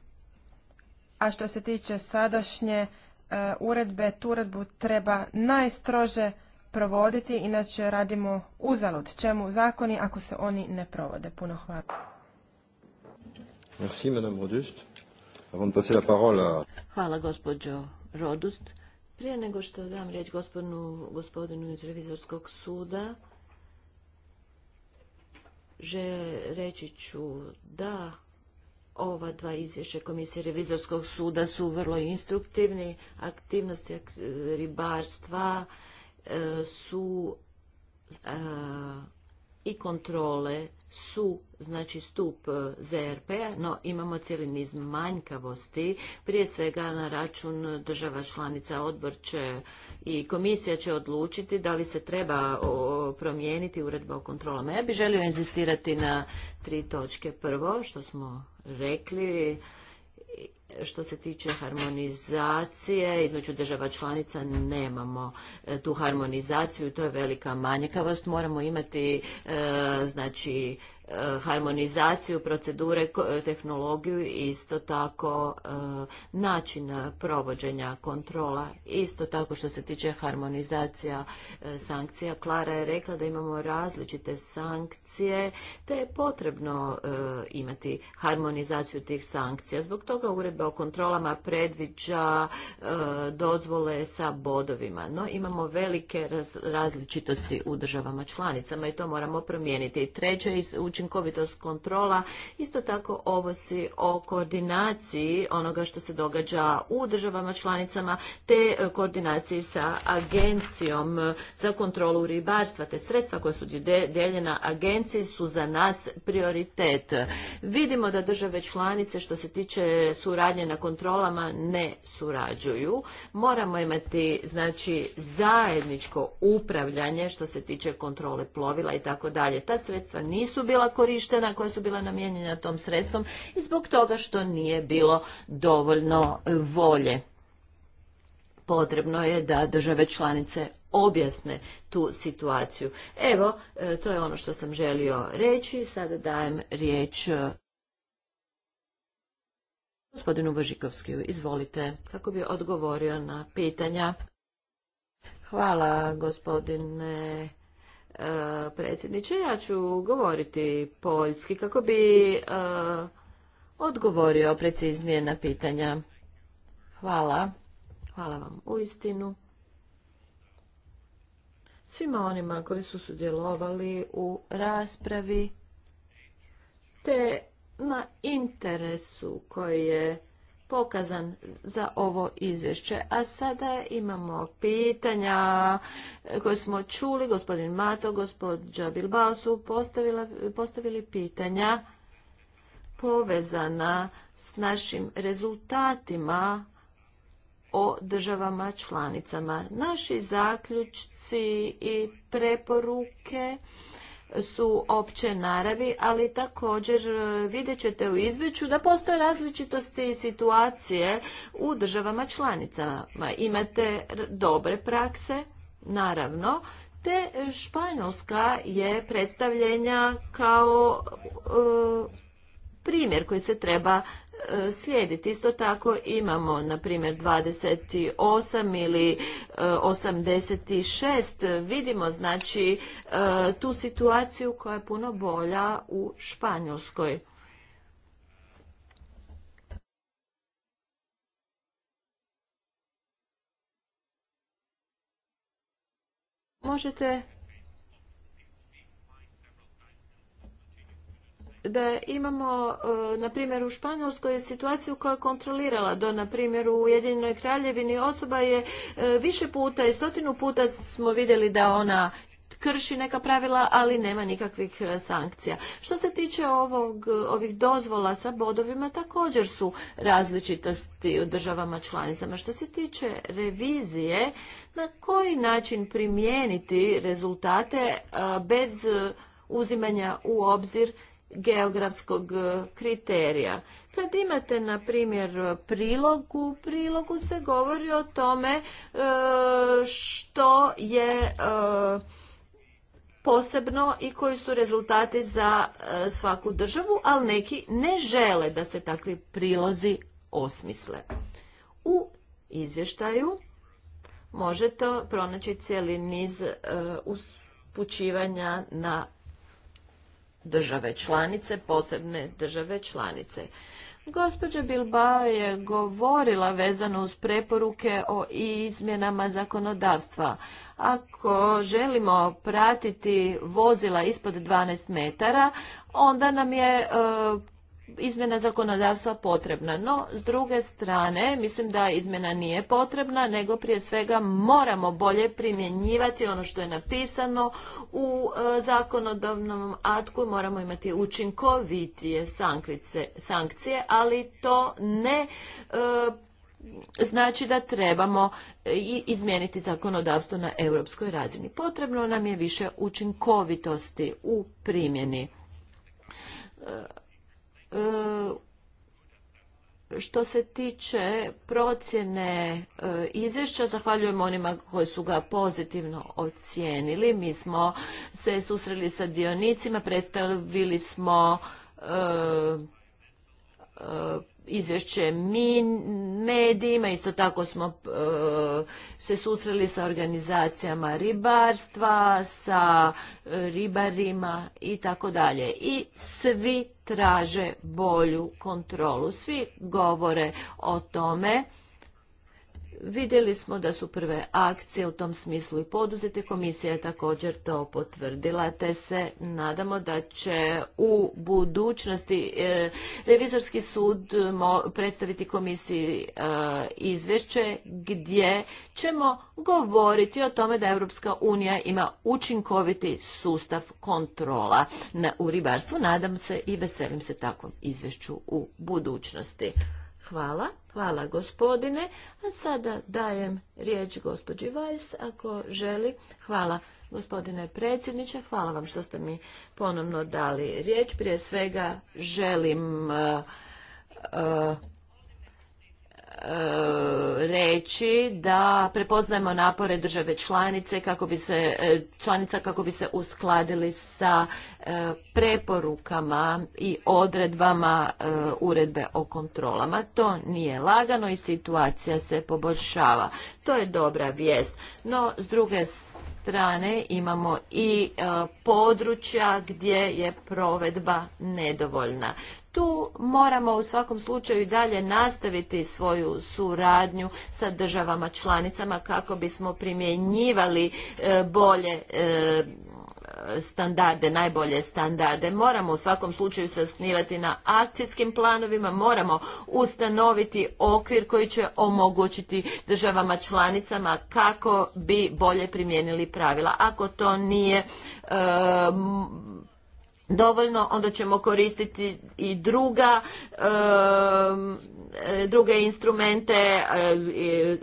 a što se tiče sadašnje e, uredbe, tu uredbu treba najstrože provoditi, inače radimo uzalud. Čemu zakoni ako se oni ne provode? Puno hvala. Merci, madame Rodust. Avant de passer la parole à... Hvala, gospođo Rodust. Prije nego što dam riječ gospodinu, gospodinu iz revizorskog suda, Že reći ću da ova dva izvješća Komisije revizorskog suda su vrlo instruktivni. Aktivnosti ribarstva e, su e, i kontrole su znači stup e, ZRP-a, no imamo cijeli niz manjkavosti. Prije svega na račun država članica odbor će i komisija će odlučiti da li se treba promijeniti uredba o kontrolama. Ja bih želio inzistirati na tri točke. Prvo, što smo rekli, što se tiče harmonizacije između država članica nemamo e, tu harmonizaciju to je velika manjkavost moramo imati e, znači harmonizaciju procedure, tehnologiju i isto tako e, način provođenja kontrola. Isto tako što se tiče harmonizacija e, sankcija, Klara je rekla da imamo različite sankcije, te je potrebno e, imati harmonizaciju tih sankcija. Zbog toga uredba o kontrolama predviđa dozvole sa bodovima, no imamo velike različitosti u državama članicama i to moramo promijeniti. Treće, učinkovitost kontrola isto tako ovisi o koordinaciji onoga što se događa u državama članicama te koordinaciji sa agencijom za kontrolu ribarstva te sredstva koja su dijeljena agenciji su za nas prioritet. Vidimo da države članice što se tiče suradnje na kontrolama ne surađuju. Moramo imati znači zajedničko upravljanje što se tiče kontrole plovila i tako dalje. Ta sredstva nisu bila korištena, koja su bila namijenjena tom sredstvom i zbog toga što nije bilo dovoljno volje. Potrebno je da države članice objasne tu situaciju. Evo, e, to je ono što sam želio reći. Sada dajem riječ e, gospodinu Božikovskiju. Izvolite, kako bi odgovorio na pitanja. Hvala, gospodine E, predsjedniče. Ja ću govoriti poljski kako bi e, odgovorio preciznije na pitanja. Hvala. Hvala vam u istinu. Svima onima koji su sudjelovali u raspravi te na interesu koji je pokazan za ovo izvješće. A sada imamo pitanja koje smo čuli. Gospodin Mato, gospođa Bilbao su postavili pitanja povezana s našim rezultatima o državama članicama. Naši zaključci i preporuke su opće naravi, ali također e, vidjet ćete u izvješću da postoje različitosti i situacije u državama članicama. Imate dobre prakse, naravno, te Španjolska je predstavljenja kao e, primjer koji se treba slijediti. Isto tako imamo, na primjer, 28 ili 86. E, Vidimo, znači, e, tu situaciju koja je puno bolja u Španjolskoj. Možete da imamo e, na primjer u Španjolskoj situaciju koja je kontrolirala do na primjer u Jedinoj Kraljevini osoba je e, više puta i stotinu puta smo vidjeli da ona krši neka pravila, ali nema nikakvih e, sankcija. Što se tiče ovog, ovih dozvola sa bodovima, također su različitosti u državama članicama. Što se tiče revizije, na koji način primijeniti rezultate bez uzimanja u obzir geografskog eh, kriterija. Kad imate, na primjer, prilog, u prilogu se govori o tome eh, što je eh, posebno i koji su rezultati za svaku državu, ali neki ne žele da se takvi prilozi osmisle. U izvještaju možete pronaći cijeli niz upućivanja na države članice, posebne države članice. Gospođa Bilbao je govorila vezano uz preporuke o izmjenama zakonodavstva. Ako želimo pratiti vozila ispod 12 metara, onda nam je e, izmjena zakonodavstva potrebna. No, s druge strane, mislim da izmjena nije potrebna, nego prije svega moramo bolje primjenjivati ono što je napisano u e, zakonodavnom atku moramo imati učinkovitije sankcije, ali to ne e, znači da trebamo izmijeniti zakonodavstvo na europskoj razini. Potrebno nam je više učinkovitosti u primjeni. E, E, što se tiče procjene e, izvješća, zahvaljujemo onima koji su ga pozitivno ocijenili. Mi smo se susreli sa dionicima, predstavili smo e, izvješće mi medijima, isto tako smo e, se susreli sa organizacijama ribarstva, sa e, ribarima i tako dalje. I svi traže bolju kontrolu, svi govore o tome Vidjeli smo da su prve akcije u tom smislu i poduzete. Komisija je također to potvrdila, te se nadamo da će u budućnosti e, revizorski sud predstaviti komisiji e, izvješće gdje ćemo govoriti o tome da Europska unija ima učinkoviti sustav kontrola u ribarstvu. Nadam se i veselim se takvom izvješću u budućnosti. Hvala, hvala gospodine. A sada dajem riječ gospođi Vajs ako želi. Hvala gospodine predsjedniče, hvala vam što ste mi ponovno dali riječ. Prije svega želim e, e, e, reći da prepoznajemo napore države članice kako bi se, članica kako bi se uskladili sa E, preporukama i odredbama e, uredbe o kontrolama. To nije lagano i situacija se poboljšava. To je dobra vijest. No, s druge strane imamo i e, područja gdje je provedba nedovoljna. Tu moramo u svakom slučaju i dalje nastaviti svoju suradnju sa državama članicama kako bismo primjenjivali bolje standarde, najbolje standarde. Moramo u svakom slučaju se osnivati na akcijskim planovima, moramo ustanoviti okvir koji će omogućiti državama članicama kako bi bolje primijenili pravila. Ako to nije e, dovoljno, onda ćemo koristiti i druga, e, druge instrumente e,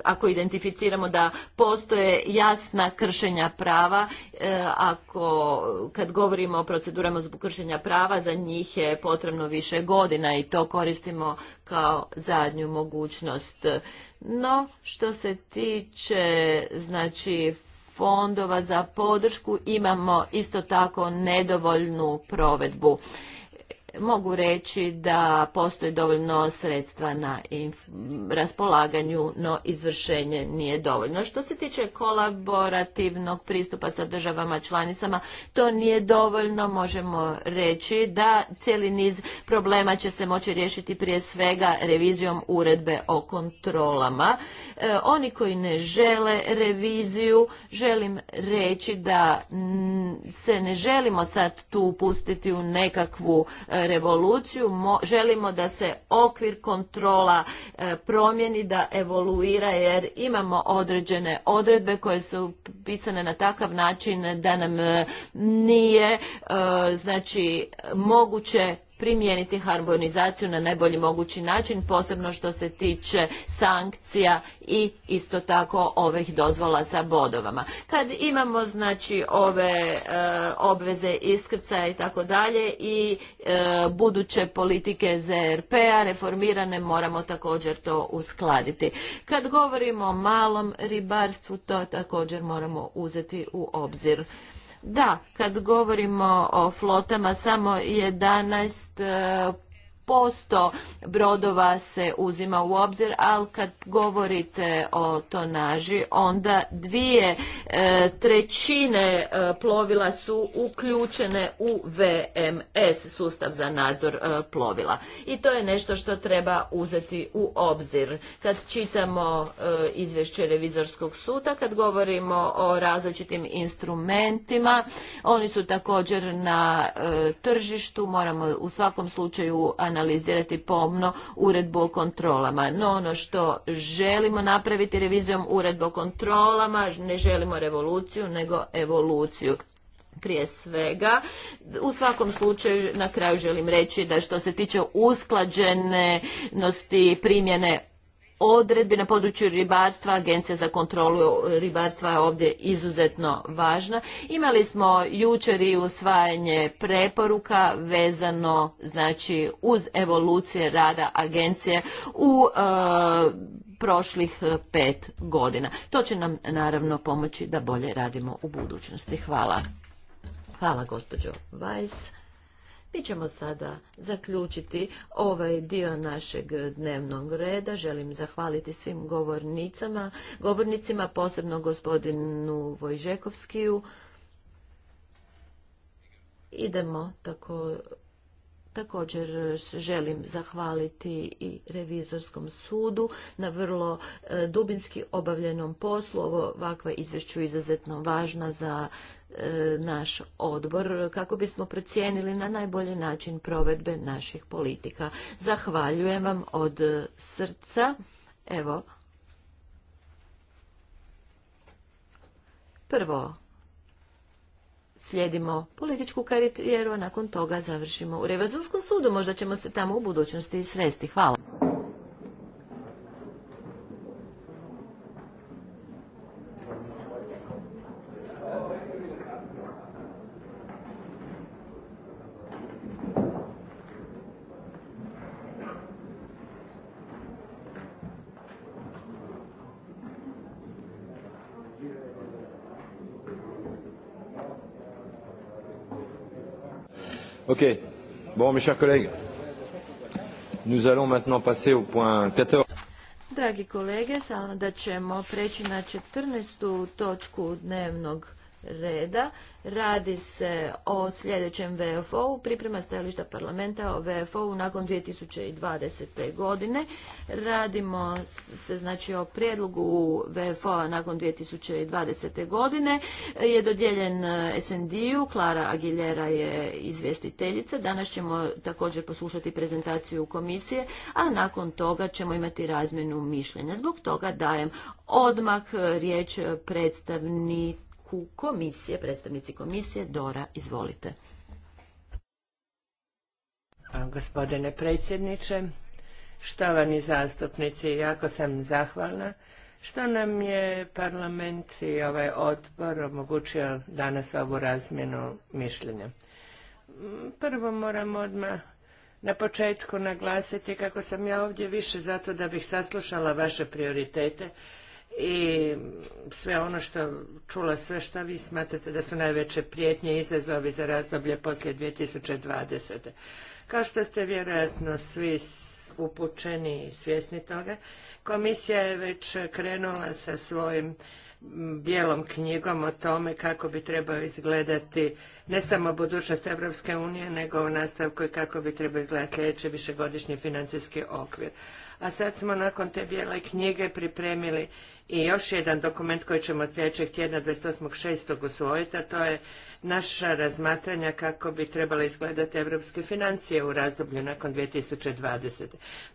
ako identificiramo da postoje jasna kršenja prava, e, ako kad govorimo o procedurama zbog kršenja prava, za njih je potrebno više godina i to koristimo kao zadnju mogućnost. No, što se tiče znači fondova za podršku imamo isto tako nedovoljnu provedbu mogu reći da postoji dovoljno sredstva na raspolaganju, no izvršenje nije dovoljno. Što se tiče kolaborativnog pristupa sa državama članicama, to nije dovoljno. Možemo reći da cijeli niz problema će se moći riješiti prije svega revizijom uredbe o kontrolama. E, oni koji ne žele reviziju, želim reći da se ne želimo sad tu upustiti u nekakvu e, revoluciju, želimo da se okvir kontrola e, promjeni, da evoluira jer imamo određene odredbe koje su pisane na takav način da nam e, nije e, znači moguće primijeniti harmonizaciju na najbolji mogući način, posebno što se tiče sankcija i isto tako ovih dozvola sa bodovama. Kad imamo znači ove e, obveze iskrcaja i tako dalje i e, buduće politike ZRP-a reformirane moramo također to uskladiti. Kad govorimo o malom ribarstvu to također moramo uzeti u obzir da, kad govorimo o flotama, samo 11 eh, posto brodova se uzima u obzir, ali kad govorite o tonaži, onda dvije e, trećine e, plovila su uključene u VMS, sustav za nadzor e, plovila. I to je nešto što treba uzeti u obzir. Kad čitamo izvješće revizorskog suda, kad govorimo o različitim instrumentima, oni su također na tržištu, moramo u svakom slučaju analizirati analizirati pomno uredbu o kontrolama. No ono što želimo napraviti revizijom uredbu o kontrolama, ne želimo revoluciju nego evoluciju prije svega. U svakom slučaju na kraju želim reći da što se tiče usklađenosti primjene odredbi na području ribarstva, Agencija za kontrolu ribarstva je ovdje izuzetno važna. Imali smo jučer i usvajanje preporuka vezano znači uz evolucije rada agencije u e, prošlih pet godina. To će nam naravno pomoći da bolje radimo u budućnosti. Hvala. Hvala gospođo Weiss. Mi ćemo sada zaključiti ovaj dio našeg dnevnog reda. Želim zahvaliti svim govornicama, govornicima, posebno gospodinu Vojžekovskiju. Idemo tako... Također želim zahvaliti i revizorskom sudu na vrlo e, dubinski obavljenom poslu. Ovo ovakva izvješću izuzetno važna za E, naš odbor kako bismo procijenili na najbolji način provedbe naših politika. Zahvaljujem vam od srca. Evo, prvo slijedimo političku karijeru, a nakon toga završimo u Revazilskom sudu. Možda ćemo se tamo u budućnosti sresti. Hvala. Ok. Bon, mes chers collègues, nous allons maintenant passer au point 14. Dragi kolege, sada ćemo preći na 14. točku dnevnog reda. Radi se o sljedećem VFO-u, priprema stajališta parlamenta o VFO-u nakon 2020. godine. Radimo se znači o prijedlogu VFO-a nakon 2020. godine. Je dodijeljen eh, SND-u, Klara Aguilera je izvjestiteljica. Danas ćemo također poslušati prezentaciju komisije, a nakon toga ćemo imati razmjenu mišljenja. Zbog toga dajem odmah eh, riječ predstavnik komisije, predstavnici komisije, Dora, izvolite. Gospodine predsjedniče, štovani zastupnici, jako sam zahvalna što nam je parlament i ovaj odbor omogućio danas ovu razmjenu mišljenja. Mm, prvo moram odmah na početku naglasiti kako sam ja ovdje više zato da bih saslušala vaše prioritete i sve ono što čula sve što vi smatrate da su najveće prijetnje i izazovi za razdoblje poslije 2020. Kao što ste vjerojatno svi upućeni i svjesni toga, komisija je već krenula sa svojim bijelom knjigom o tome kako bi trebao izgledati ne samo budućnost Evropske unije, nego u nastavku i kako bi trebao izgledati sljedeći višegodišnji financijski okvir. A sad smo nakon te bijele knjige pripremili i još jedan dokument koji ćemo sljedećeg tjedna 28.6. usvojiti, a to je naša razmatranja kako bi trebala izgledati evropske financije u razdoblju nakon 2020.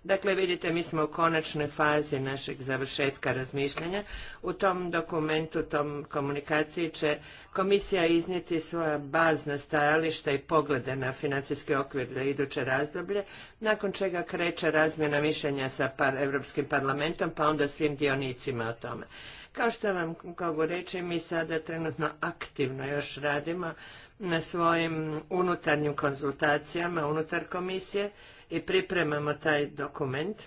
Dakle, vidite, mi smo u konačnoj fazi našeg završetka razmišljanja. U tom dokumentu, tom komunikaciji će komisija iznijeti svoja bazna stajališta i poglede na financijski okvir za iduće razdoblje, nakon čega kreće razmjena mišljenja sa par Europskim parlamentom, pa onda svim dionicima o tome. Kao što vam mogu reći, mi sada trenutno aktivno još radimo na svojim unutarnjim konzultacijama unutar komisije i pripremamo taj dokument.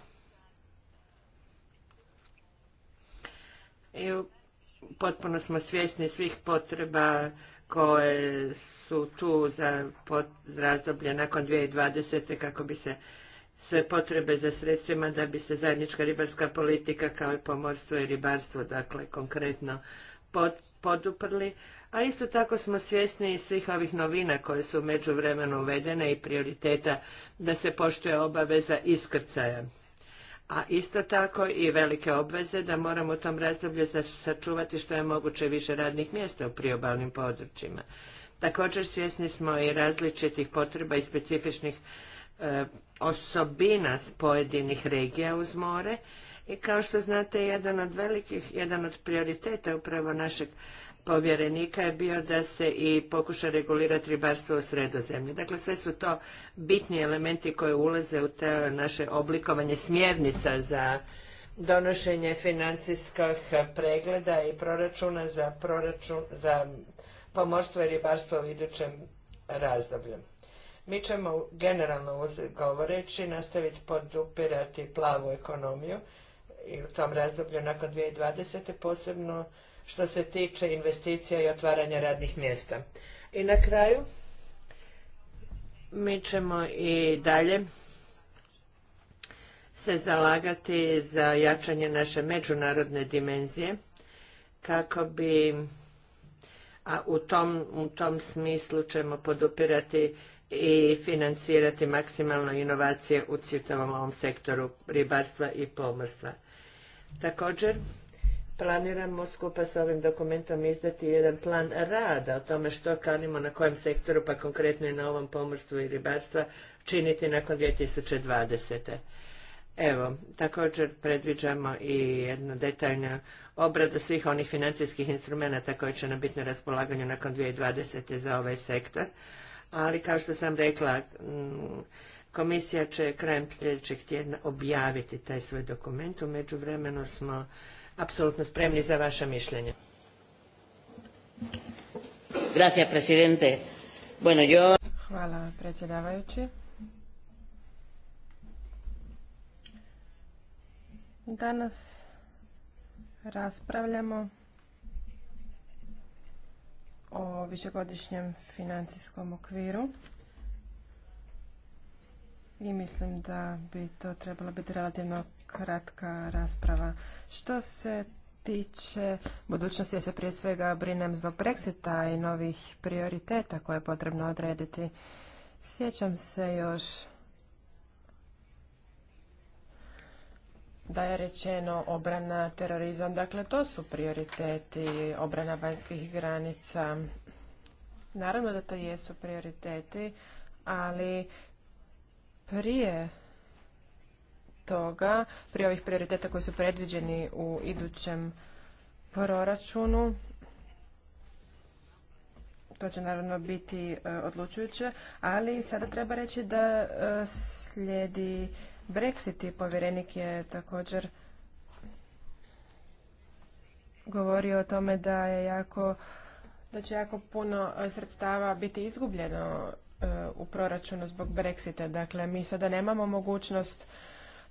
I potpuno smo svjesni svih potreba koje su tu za razdoblje nakon 2020. kako bi se sve potrebe za sredstvima da bi se zajednička ribarska politika kao i pomorstvo i ribarstvo dakle konkretno poduprli, a isto tako smo svjesni i svih ovih novina koje su u međuvremenu uvedene i prioriteta da se poštuje obaveza iskrcaja. A isto tako i velike obveze da moramo u tom razdoblju sačuvati što je moguće više radnih mjesta u priobalnim područjima. Također svjesni smo i različitih potreba i specifičnih E, osobina pojedinih regija uz more i kao što znate jedan od velikih, jedan od prioriteta upravo našeg povjerenika je bio da se i pokuša regulirati ribarstvo u sredozemlju. Dakle, sve su to bitni elementi koji ulaze u te naše oblikovanje smjernica za donošenje financijskih pregleda i proračuna za, proračun, za pomorstvo i ribarstvo u idućem razdoblju. Mi ćemo generalno govoreći nastaviti podupirati plavu ekonomiju i u tom razdoblju nakon 2020. posebno što se tiče investicija i otvaranja radnih mjesta. I na kraju mi ćemo i dalje se zalagati za jačanje naše međunarodne dimenzije kako bi a u tom, u tom smislu ćemo podupirati i financirati maksimalno inovacije u citavom ovom sektoru ribarstva i pomorstva. Također, planiramo skupa s ovim dokumentom izdati jedan plan rada o tome što kanimo na kojem sektoru, pa konkretno i na ovom pomorstvu i ribarstva, činiti nakon 2020. Evo, također predviđamo i jednu detaljnu obradu svih onih financijskih instrumenata koji će nam biti na raspolaganju nakon 2020. za ovaj sektor ali kao što sam rekla, mm, komisija će krajem sljedećeg tjedna objaviti taj svoj dokument. U međuvremenu smo apsolutno spremni za vaše mišljenje. Gracias, presidente. Bueno, Hvala, predsjedavajući. Danas raspravljamo o višegodišnjem financijskom okviru i mislim da bi to trebala biti relativno kratka rasprava. Što se tiče budućnosti, ja se prije svega brinem zbog Brexita i novih prioriteta koje je potrebno odrediti. Sjećam se još da je rečeno obrana terorizam. Dakle, to su prioriteti obrana vanjskih granica. Naravno da to jesu prioriteti, ali prije toga, prije ovih prioriteta koji su predviđeni u idućem proračunu, to će naravno biti e, odlučujuće, ali sada treba reći da e, slijedi Brexit i povjerenik je također govorio o tome da je jako da će jako puno e, sredstava biti izgubljeno e, u proračunu zbog Brexita. Dakle, mi sada nemamo mogućnost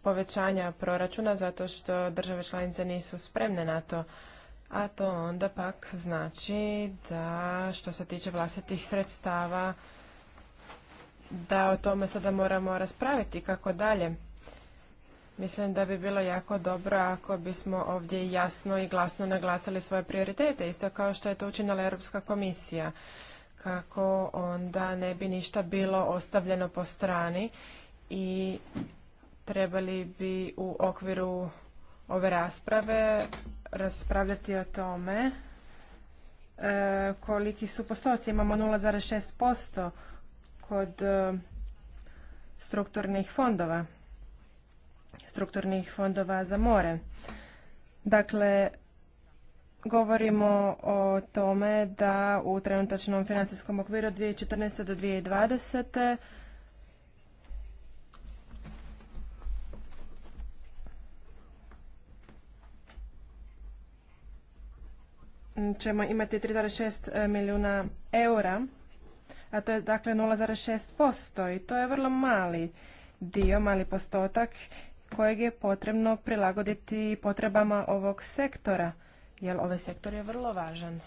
povećanja proračuna zato što države članice nisu spremne na to. A to onda pak znači da što se tiče vlastitih sredstava da o tome sada moramo raspraviti kako dalje. Mislim da bi bilo jako dobro ako bismo ovdje jasno i glasno naglasili svoje prioritete, isto kao što je to učinila Europska komisija, kako onda ne bi ništa bilo ostavljeno po strani i trebali bi u okviru ove rasprave raspravljati o tome e, koliki su postoci. Imamo 0,6% od e, strukturnih fondova, strukturnih fondova za more. Dakle, govorimo o tome da u trenutačnom financijskom okviru 2014. do 2020. ćemo imati 3,6 milijuna eura a to je dakle 0,6% i to je vrlo mali dio, mali postotak kojeg je potrebno prilagoditi potrebama ovog sektora, jer ovaj sektor je vrlo važan.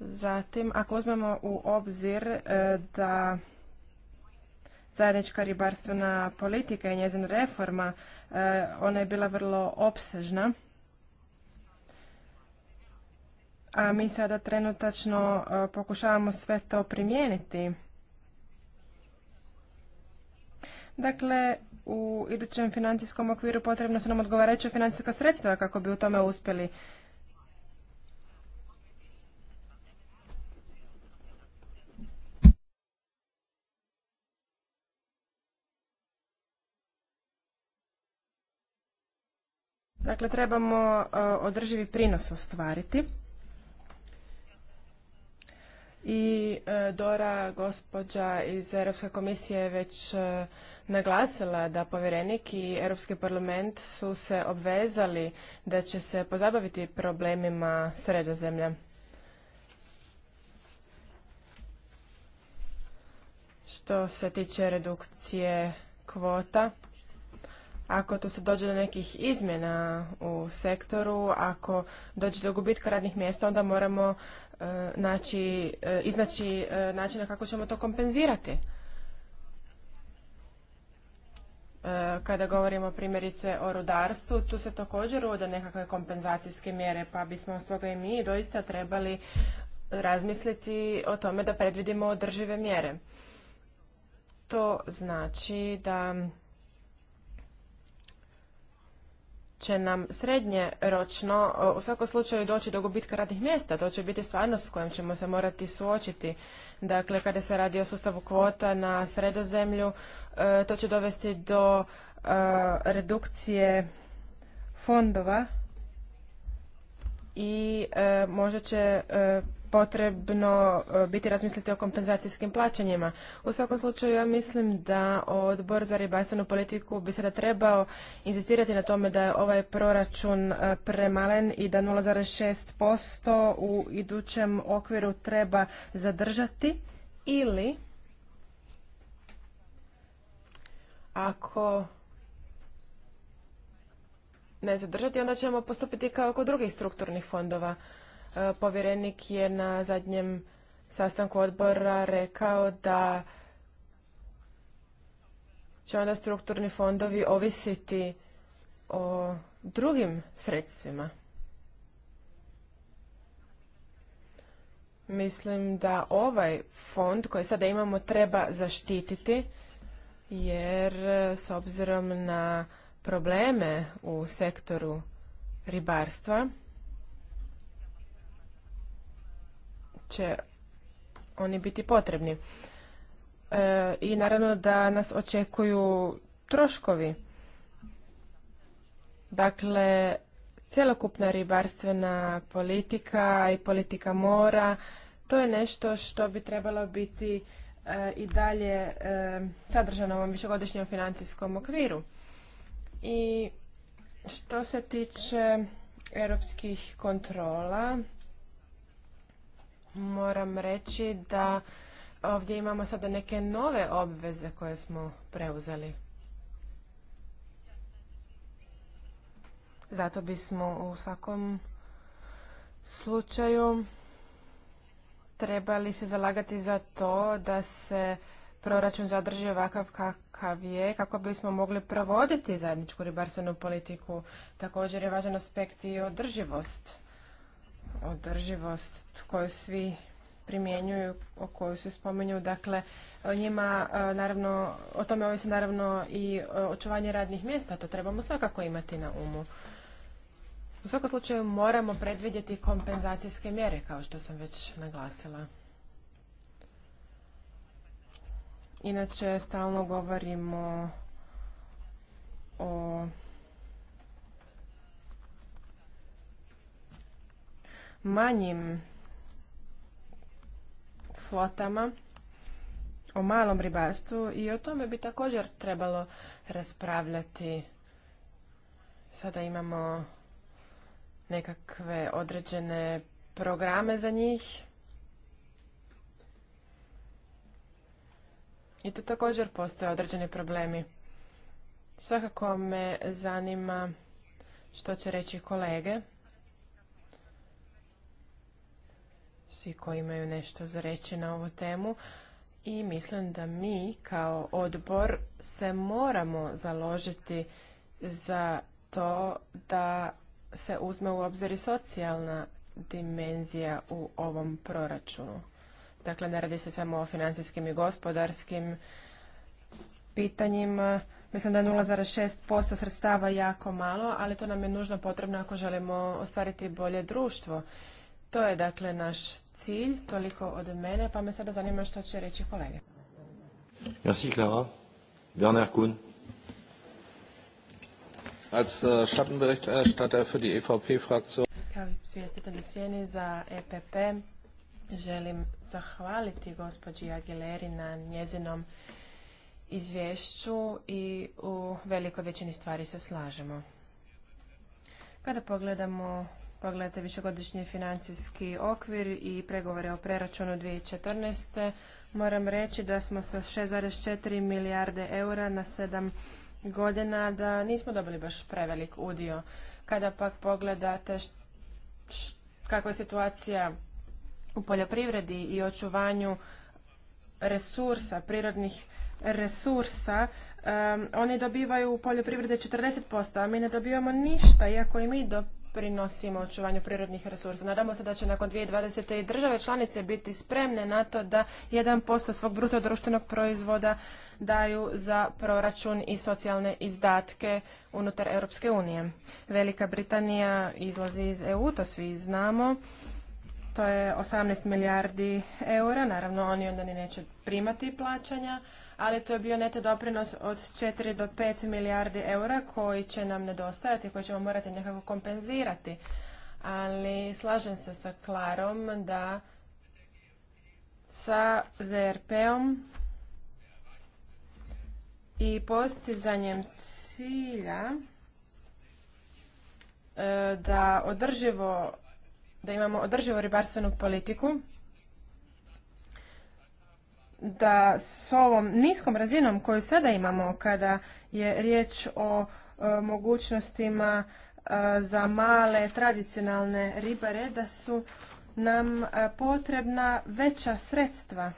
Zatim, ako uzmemo u obzir e, da zajednička ribarstvena politika i njezina reforma, e, ona je bila vrlo opsežna, a mi sada trenutačno e, pokušavamo sve to primijeniti. Dakle, u idućem financijskom okviru potrebno su nam odgovarajuća financijska sredstva kako bi u tome uspjeli. Dakle, trebamo e, održivi prinos ostvariti i e, Dora, gospođa iz Europske komisije je već e, naglasila da povjerenik i Europski parlament su se obvezali da će se pozabaviti problemima sredozemlja. Što se tiče redukcije kvota, ako tu se dođe do nekih izmjena u sektoru, ako dođe do gubitka radnih mjesta, onda moramo znači, iznaći e, načina kako ćemo to kompenzirati. Kada govorimo primjerice o rudarstvu, tu se također uvode nekakve kompenzacijske mjere, pa bismo stoga i mi doista trebali razmisliti o tome da predvidimo održive mjere. To znači da će nam srednje ročno u svakom slučaju doći do gubitka radnih mjesta. To će biti stvarnost s kojom ćemo se morati suočiti. Dakle, kada se radi o sustavu kvota na sredozemlju, e, to će dovesti do e, redukcije fondova i e, možda će potrebno e, biti razmisliti o kompenzacijskim plaćanjima. U svakom slučaju ja mislim da odbor za ribarstvenu politiku bi sada trebao insistirati na tome da je ovaj proračun e, premalen i da 0,6% u idućem okviru treba zadržati ili ako ne zadržati, onda ćemo postupiti kao kod drugih strukturnih fondova. Povjerenik je na zadnjem sastanku odbora rekao da će onda strukturni fondovi ovisiti o drugim sredstvima. Mislim da ovaj fond koji sada imamo treba zaštititi jer s obzirom na probleme u sektoru ribarstva će oni biti potrebni. E, I naravno da nas očekuju troškovi. Dakle, cjelokupna ribarstvena politika i politika mora, to je nešto što bi trebalo biti e, i dalje e, sadržano u ovom višegodišnjem financijskom okviru. I što se tiče europskih kontrola, moram reći da ovdje imamo sada neke nove obveze koje smo preuzeli. Zato bismo u svakom slučaju trebali se zalagati za to da se proračun zadrži ovakav kakav je kako bismo mogli provoditi zajedničku ribarstvenu politiku. Također je važan aspekt i održivost održivost koju svi primjenjuju, o koju se spominju. Dakle, njima, naravno, o tome ovisi naravno i e, očuvanje radnih mjesta. To trebamo svakako imati na umu. U svakom slučaju moramo predvidjeti kompenzacijske mjere, kao što sam već naglasila. Inače, stalno govorimo o manjim flotama, o malom ribarstvu i o tome bi također trebalo raspravljati. Sada imamo nekakve određene programe za njih. I tu također postoje određeni problemi. Svakako me zanima što će reći kolege. svi koji imaju nešto za reći na ovu temu i mislim da mi kao odbor se moramo založiti za to da se uzme u obzir i socijalna dimenzija u ovom proračunu. Dakle, ne radi se samo o financijskim i gospodarskim pitanjima. Mislim da je 0,6% sredstava jako malo, ali to nam je nužno potrebno ako želimo ostvariti bolje društvo. To je dakle naš cilj, toliko od mene, pa me sada zanima što će reći kolege. Merci Clara. Werner Kuhn. Als äh, Schattenberichterstatter für die EVP-Fraktion. Kao za EPP želim zahvaliti gospođi Aguileri na njezinom izvješću i u velikoj većini stvari se slažemo. Kada pogledamo pogledate višegodišnji financijski okvir i pregovore o preračunu 2014. Moram reći da smo sa 6,4 milijarde eura na 7 godina da nismo dobili baš prevelik udio. Kada pak pogledate kakva je situacija u poljoprivredi i očuvanju resursa, prirodnih resursa, oni dobivaju u poljoprivrede 40%, a mi ne dobivamo ništa, iako i mi do, doprinosimo očuvanju prirodnih resursa. Nadamo se da će nakon 2020. i države članice biti spremne na to da 1% svog bruto društvenog proizvoda daju za proračun i socijalne izdatke unutar Europske unije. Velika Britanija izlazi iz EU, to svi znamo. To je 18 milijardi eura, naravno oni onda ni neće primati plaćanja ali to je bio neto doprinos od 4 do 5 milijardi eura koji će nam nedostajati, koji ćemo morati nekako kompenzirati. Ali slažem se sa Klarom da sa ZRP-om i postizanjem cilja e, da održivo da imamo održivo ribarstvenu politiku da s ovom niskom razinom koju sada imamo kada je riječ o e, mogućnostima e, za male tradicionalne ribare da su nam e, potrebna veća sredstva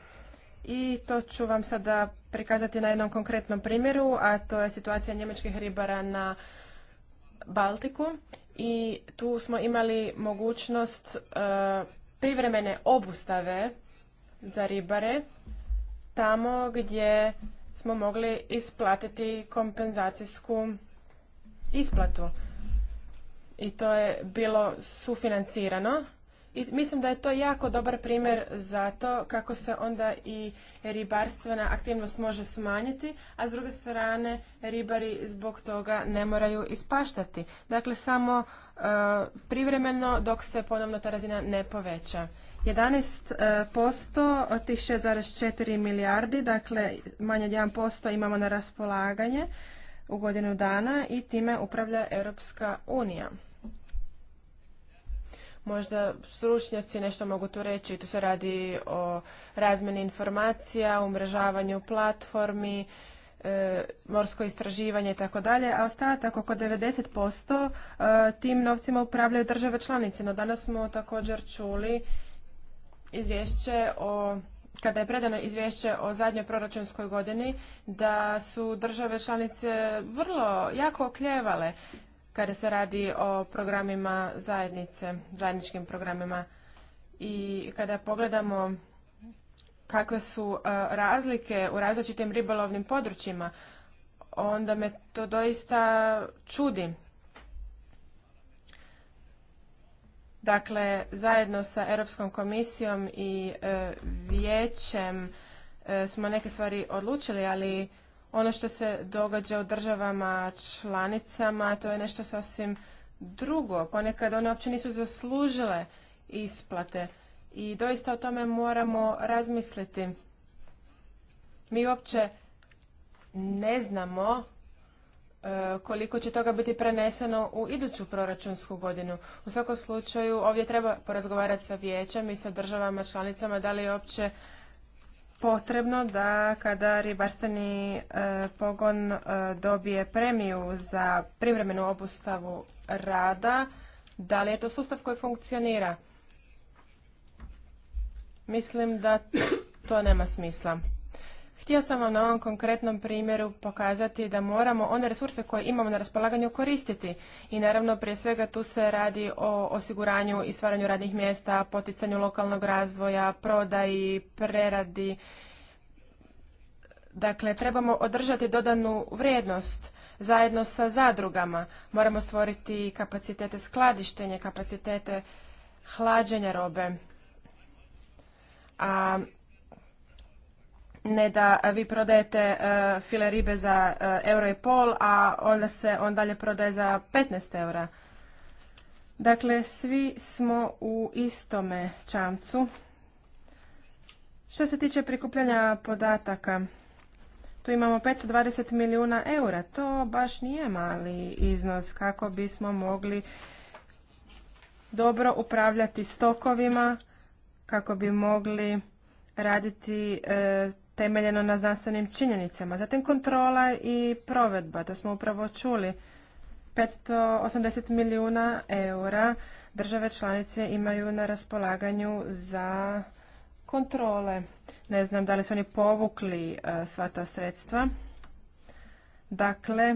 i to ću vam sada prikazati na jednom konkretnom primjeru a to je situacija njemačkih ribara na Baltiku i tu smo imali mogućnost privremene obustave za ribare tamo gdje smo mogli isplatiti kompenzacijsku isplatu. I to je bilo sufinancirano. I mislim da je to jako dobar primjer za to kako se onda i ribarstvena aktivnost može smanjiti, a s druge strane ribari zbog toga ne moraju ispaštati. Dakle, samo e, privremeno dok se ponovno ta razina ne poveća. 11% od tih 6,4 milijardi, dakle manje od 1% imamo na raspolaganje u godinu dana i time upravlja Europska unija. Možda stručnjaci nešto mogu tu reći, tu se radi o razmeni informacija, umrežavanju platformi, morsko istraživanje i tako dalje, a ostatak oko 90% tim novcima upravljaju države članice. No danas smo također čuli izvješće o kada je predano izvješće o zadnjoj proračunskoj godini, da su države članice vrlo jako okljevale kada se radi o programima zajednice, zajedničkim programima. I kada pogledamo kakve su e, razlike u različitim ribolovnim područjima, onda me to doista čudi. Dakle, zajedno sa Europskom komisijom i e, vijećem e, smo neke stvari odlučili, ali ono što se događa u državama članicama, to je nešto sasvim drugo. Ponekad one uopće nisu zaslužile isplate i doista o tome moramo razmisliti. Mi uopće ne znamo E, koliko će toga biti preneseno u iduću proračunsku godinu. U svakom slučaju ovdje treba porazgovarati sa vijećem i sa državama članicama da li je opće potrebno da kada ribarstveni e, pogon e, dobije premiju za privremenu obustavu rada, da li je to sustav koji funkcionira? Mislim da to nema smisla. Htio sam vam na ovom konkretnom primjeru pokazati da moramo one resurse koje imamo na raspolaganju koristiti. I naravno prije svega tu se radi o osiguranju i stvaranju radnih mjesta, poticanju lokalnog razvoja, prodaji, preradi. Dakle, trebamo održati dodanu vrijednost zajedno sa zadrugama. Moramo stvoriti kapacitete skladištenja, kapacitete hlađenja robe. A ne da vi prodajete e, file ribe za e, euro i pol, a onda se on dalje prodaje za 15 eura. Dakle, svi smo u istome čamcu. Što se tiče prikupljanja podataka, tu imamo 520 milijuna eura. To baš nije mali iznos kako bismo mogli dobro upravljati stokovima, kako bi mogli raditi e, temeljeno na znanstvenim činjenicama. Zatim kontrola i provedba, to smo upravo čuli. 580 milijuna eura države članice imaju na raspolaganju za kontrole. Ne znam da li su oni povukli e, sva ta sredstva. Dakle,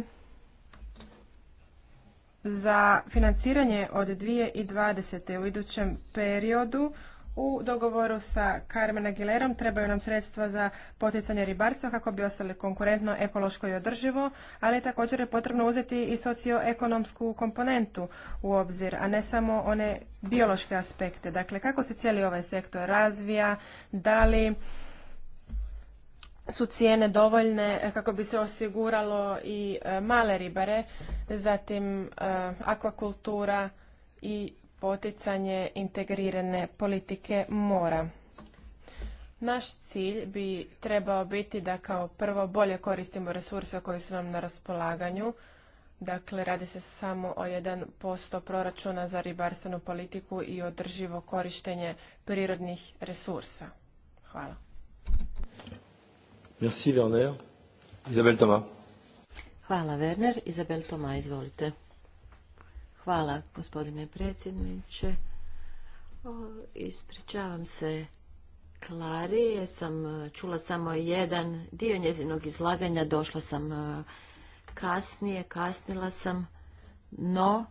za financiranje od 2020. u idućem periodu u dogovoru sa Carmen Aguilerom trebaju nam sredstva za poticanje ribarstva kako bi ostali konkurentno, ekološko i održivo, ali također je potrebno uzeti i socioekonomsku komponentu u obzir, a ne samo one biološke aspekte. Dakle, kako se cijeli ovaj sektor razvija, da li su cijene dovoljne kako bi se osiguralo i e, male ribare, zatim e, akvakultura i poticanje integrirane politike mora. Naš cilj bi trebao biti da kao prvo bolje koristimo resurse koji su nam na raspolaganju. Dakle, radi se samo o 1% proračuna za ribarstvenu politiku i održivo korištenje prirodnih resursa. Hvala. Merci Werner. Isabel Thomas. Hvala Werner. Isabel Thomas, izvolite. Hvala, gospodine predsjedniče. Ispričavam se Klari, jer sam e, čula samo jedan dio njezinog izlaganja, došla sam e, kasnije, kasnila sam, no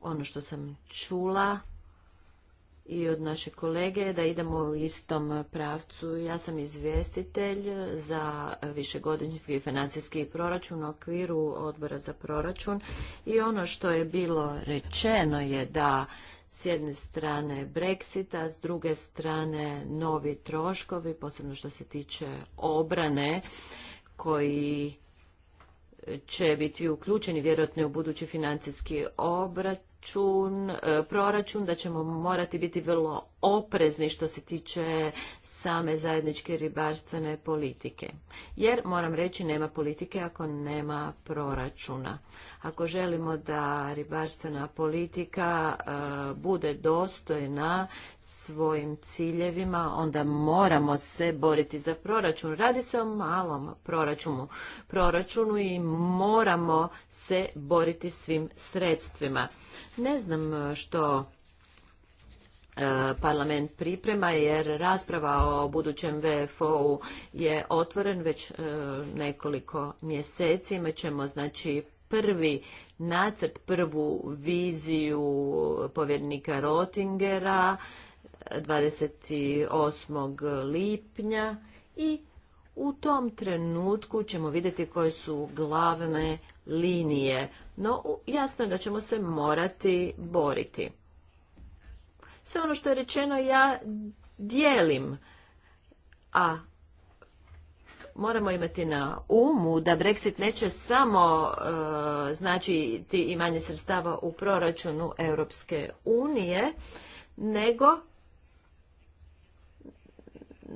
ono što sam čula i od naše kolege da idemo u istom pravcu. Ja sam izvjestitelj za višegodišnji financijski proračun u okviru odbora za proračun i ono što je bilo rečeno je da s jedne strane a s druge strane novi troškovi, posebno što se tiče obrane, koji će biti uključeni vjerojatno u budući financijski obrat, račun, e, proračun, da ćemo morati biti vrlo oprezni što se tiče same zajedničke ribarstvene politike. Jer, moram reći, nema politike ako nema proračuna. Ako želimo da ribarstvena politika e, bude dostojna svojim ciljevima, onda moramo se boriti za proračun. Radi se o malom proračunu, proračunu i moramo se boriti svim sredstvima. Ne znam što e, parlament priprema jer rasprava o budućem VFO-u je otvoren već e, nekoliko mjeseci. Imaćemo ćemo znači prvi nacrt, prvu viziju povjednika Rotingera 28. lipnja i u tom trenutku ćemo vidjeti koje su glavne linije, no jasno je da ćemo se morati boriti. Sve ono što je rečeno ja dijelim, a moramo imati na umu da Brexit neće samo e, značiti znači ti i manje sredstava u proračunu Europske unije, nego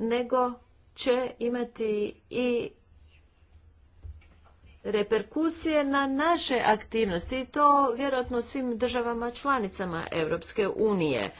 nego će imati i reperkusije na naše aktivnosti i to vjerojatno svim državama članicama Europske unije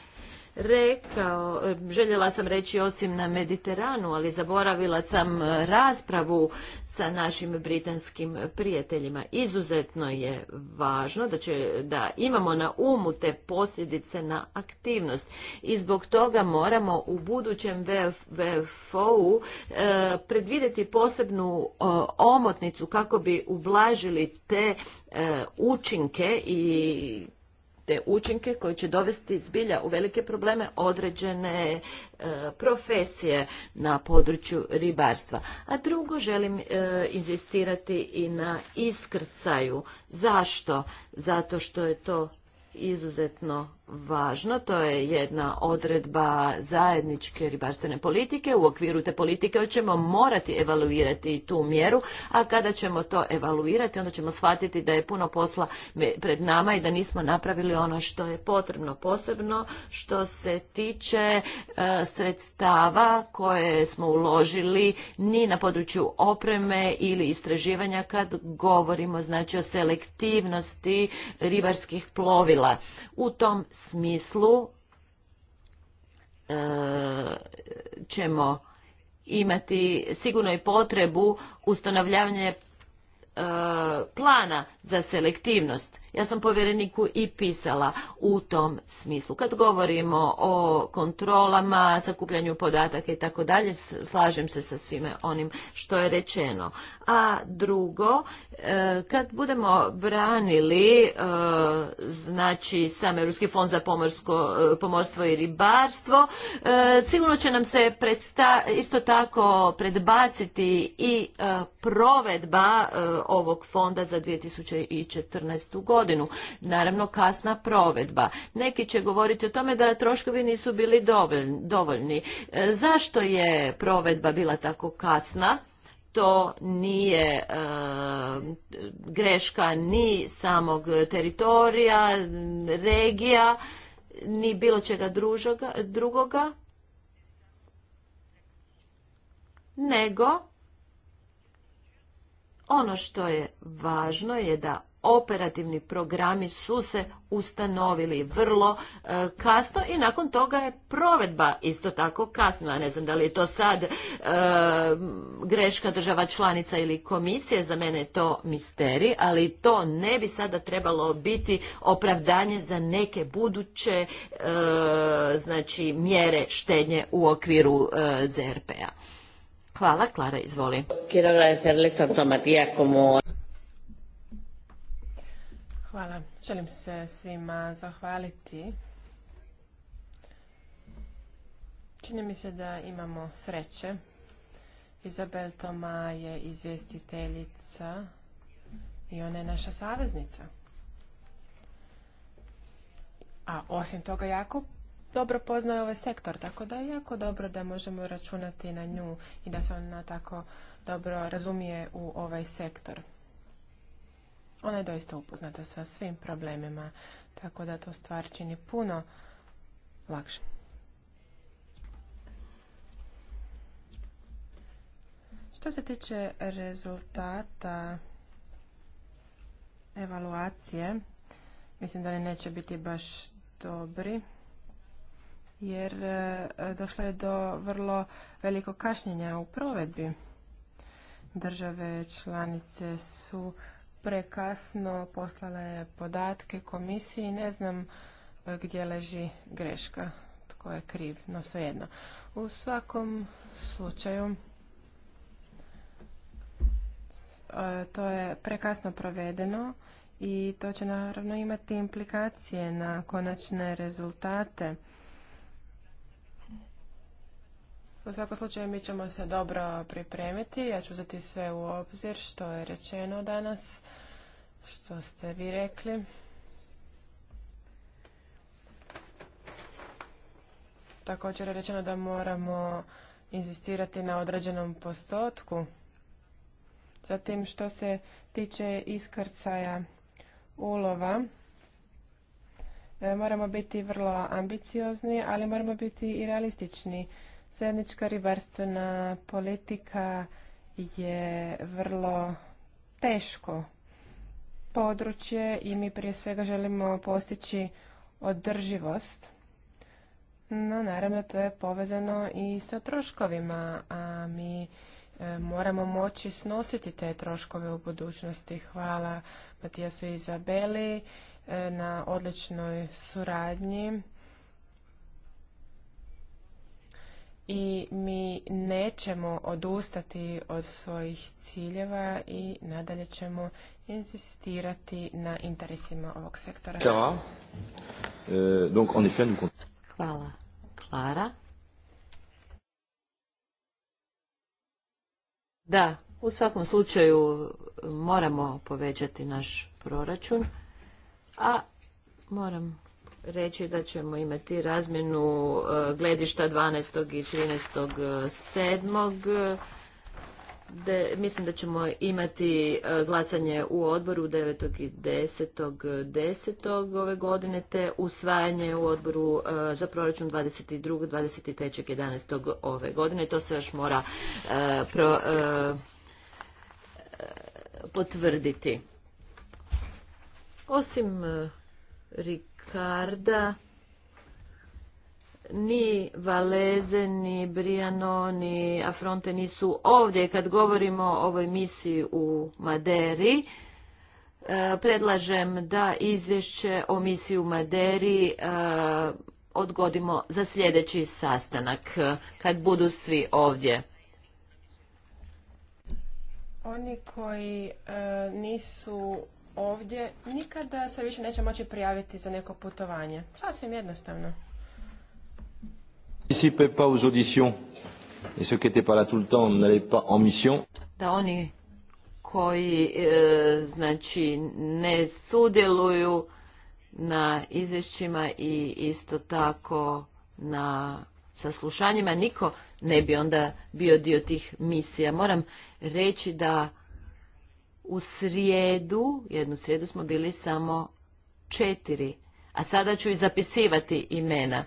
rekao, željela sam reći osim na Mediteranu, ali zaboravila sam e, raspravu sa našim britanskim prijateljima. Izuzetno je važno da, će, da imamo na umu te posljedice na aktivnost i zbog toga moramo u budućem VFO-u e, predvidjeti posebnu e, omotnicu kako bi ublažili te e, učinke i te učinke koji će dovesti zbilja u velike probleme određene e, profesije na području ribarstva. A drugo želim e, inzistirati i na iskrcaju. Zašto? Zato što je to izuzetno važno, to je jedna odredba zajedničke ribarstvene politike. U okviru te politike ćemo morati evaluirati tu mjeru, a kada ćemo to evaluirati, onda ćemo shvatiti da je puno posla pred nama i da nismo napravili ono što je potrebno posebno što se tiče e, sredstava koje smo uložili ni na području opreme ili istraživanja kad govorimo znači o selektivnosti ribarskih plovila. U tom smislu e, ćemo imati sigurno i potrebu ustanovljavanje e, plana za selektivnost ja sam povjereniku i pisala u tom smislu. Kad govorimo o kontrolama, sakupljanju podataka i tako dalje, slažem se sa svime onim što je rečeno. A drugo, e, kad budemo branili e, znači sam Europski fond za pomorsko, e, pomorstvo i ribarstvo, sigurno će nam se predsta, isto tako predbaciti i provedba ovog fonda za 2014. godinu godinu. Naravno kasna provedba. Neki će govoriti o tome da troškovi nisu bili dovoljni. E, zašto je provedba bila tako kasna? to nije e, greška ni samog teritorija, regija, ni bilo čega drugoga, nego ono što je važno je da operativni programi su se ustanovili vrlo e, kasno i nakon toga je provedba isto tako kasnila. Ne znam da li je to sad e, greška država članica ili komisije, za mene je to misteri, ali to ne bi sada trebalo biti opravdanje za neke buduće e, znači, mjere štednje u okviru ZRP-a. Hvala, Klara, izvoli. Hvala. Želim se svima zahvaliti. Čini mi se da imamo sreće. Izabel Toma je izvjestiteljica i ona je naša saveznica. A osim toga jako dobro poznaje ovaj sektor, tako da je jako dobro da možemo računati na nju i da se ona tako dobro razumije u ovaj sektor. Ona je doista upoznata sa svim problemima, tako da to stvar čini puno lakše. Što se tiče rezultata evaluacije, mislim da li neće biti baš dobri, jer e, došlo je do vrlo velikog kašnjenja u provedbi. Države članice su prekasno poslala je podatke komisiji, i ne znam e, gdje leži greška, tko je kriv, no svejedno. U svakom slučaju e, to je prekasno provedeno i to će naravno imati implikacije na konačne rezultate U svakom slučaju mi ćemo se dobro pripremiti. Ja ću uzeti sve u obzir što je rečeno danas, što ste vi rekli. Također je rečeno da moramo inzistirati na određenom postotku. Zatim što se tiče iskrcaja ulova, e, moramo biti vrlo ambiciozni, ali moramo biti i realistični. Zajednička ribarstvena politika je vrlo teško područje i mi prije svega želimo postići održivost. No, naravno, to je povezano i sa troškovima, a mi e, moramo moći snositi te troškove u budućnosti. Hvala Matijasu i Izabeli e, na odličnoj suradnji i mi nećemo odustati od svojih ciljeva i nadalje ćemo insistirati na interesima ovog sektora. E, Hvala. Klara? Da, u svakom slučaju moramo povećati naš proračun, a moram reći da ćemo imati razmjenu e, gledišta 12. i 13. E, De, mislim da ćemo imati e, glasanje u odboru 9. i 10. 10. ove godine, te usvajanje u odboru za proračun 22. 23. 11. ove godine. To se još mora potvrditi. Osim Rik Karda, ni Valeze, ni Brijano, ni Afronte nisu ovdje. Kad govorimo o ovoj misiji u Maderi, e, predlažem da izvješće o misiji u Maderi e, odgodimo za sljedeći sastanak, e, kad budu svi ovdje. Oni koji nisu ovdje nikada se više neće moći prijaviti za neko putovanje. Sasvim jednostavno. pas Da oni koji e, znači ne sudjeluju na izvješćima i isto tako na saslušanjima niko ne bi onda bio dio tih misija. Moram reći da u srijedu, jednu srijedu smo bili samo četiri, a sada ću i zapisivati imena.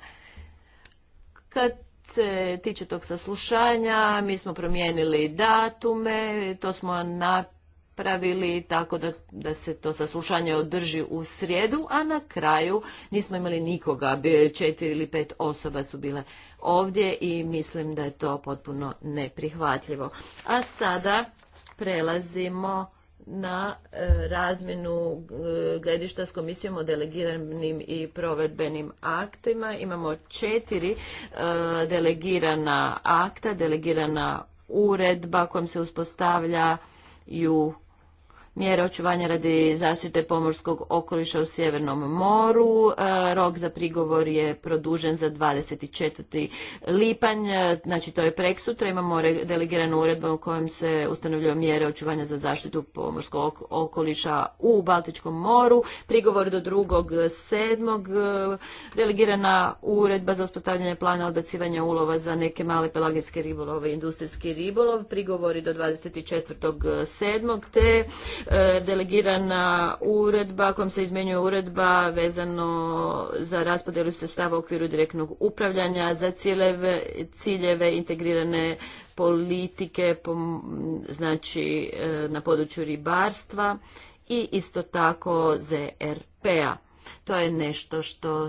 Kad se tiče tog saslušanja, mi smo promijenili datume, to smo napravili tako da, da se to saslušanje održi u srijedu, a na kraju nismo imali nikoga, četiri ili pet osoba su bile ovdje i mislim da je to potpuno neprihvatljivo. A sada prelazimo na e, razmjenu e, gledišta s komisijom o delegiranim i provedbenim aktima. Imamo četiri e, delegirana akta, delegirana uredba kojom se uspostavljaju mjere očuvanja radi zaštite pomorskog okoliša u Sjevernom moru. E, rok za prigovor je produžen za 24. lipanj, e, znači to je preksutra. Imamo delegiranu uredbu u kojem se ustanovljaju mjere očuvanja za zaštitu pomorskog okoliša u Baltičkom moru. Prigovor do 2.7. E, delegirana uredba za uspostavljanje plana odbacivanja ulova za neke male pelagijske ribolove i industrijski ribolov. Prigovori do 24.7. te E, delegirana uredba kojom se izmjenjuje uredba vezano za raspodjelu sredstava u okviru direktnog upravljanja za ciljeve, ciljeve integrirane politike znači e, na području ribarstva i isto tako ZRP-a. To je nešto što,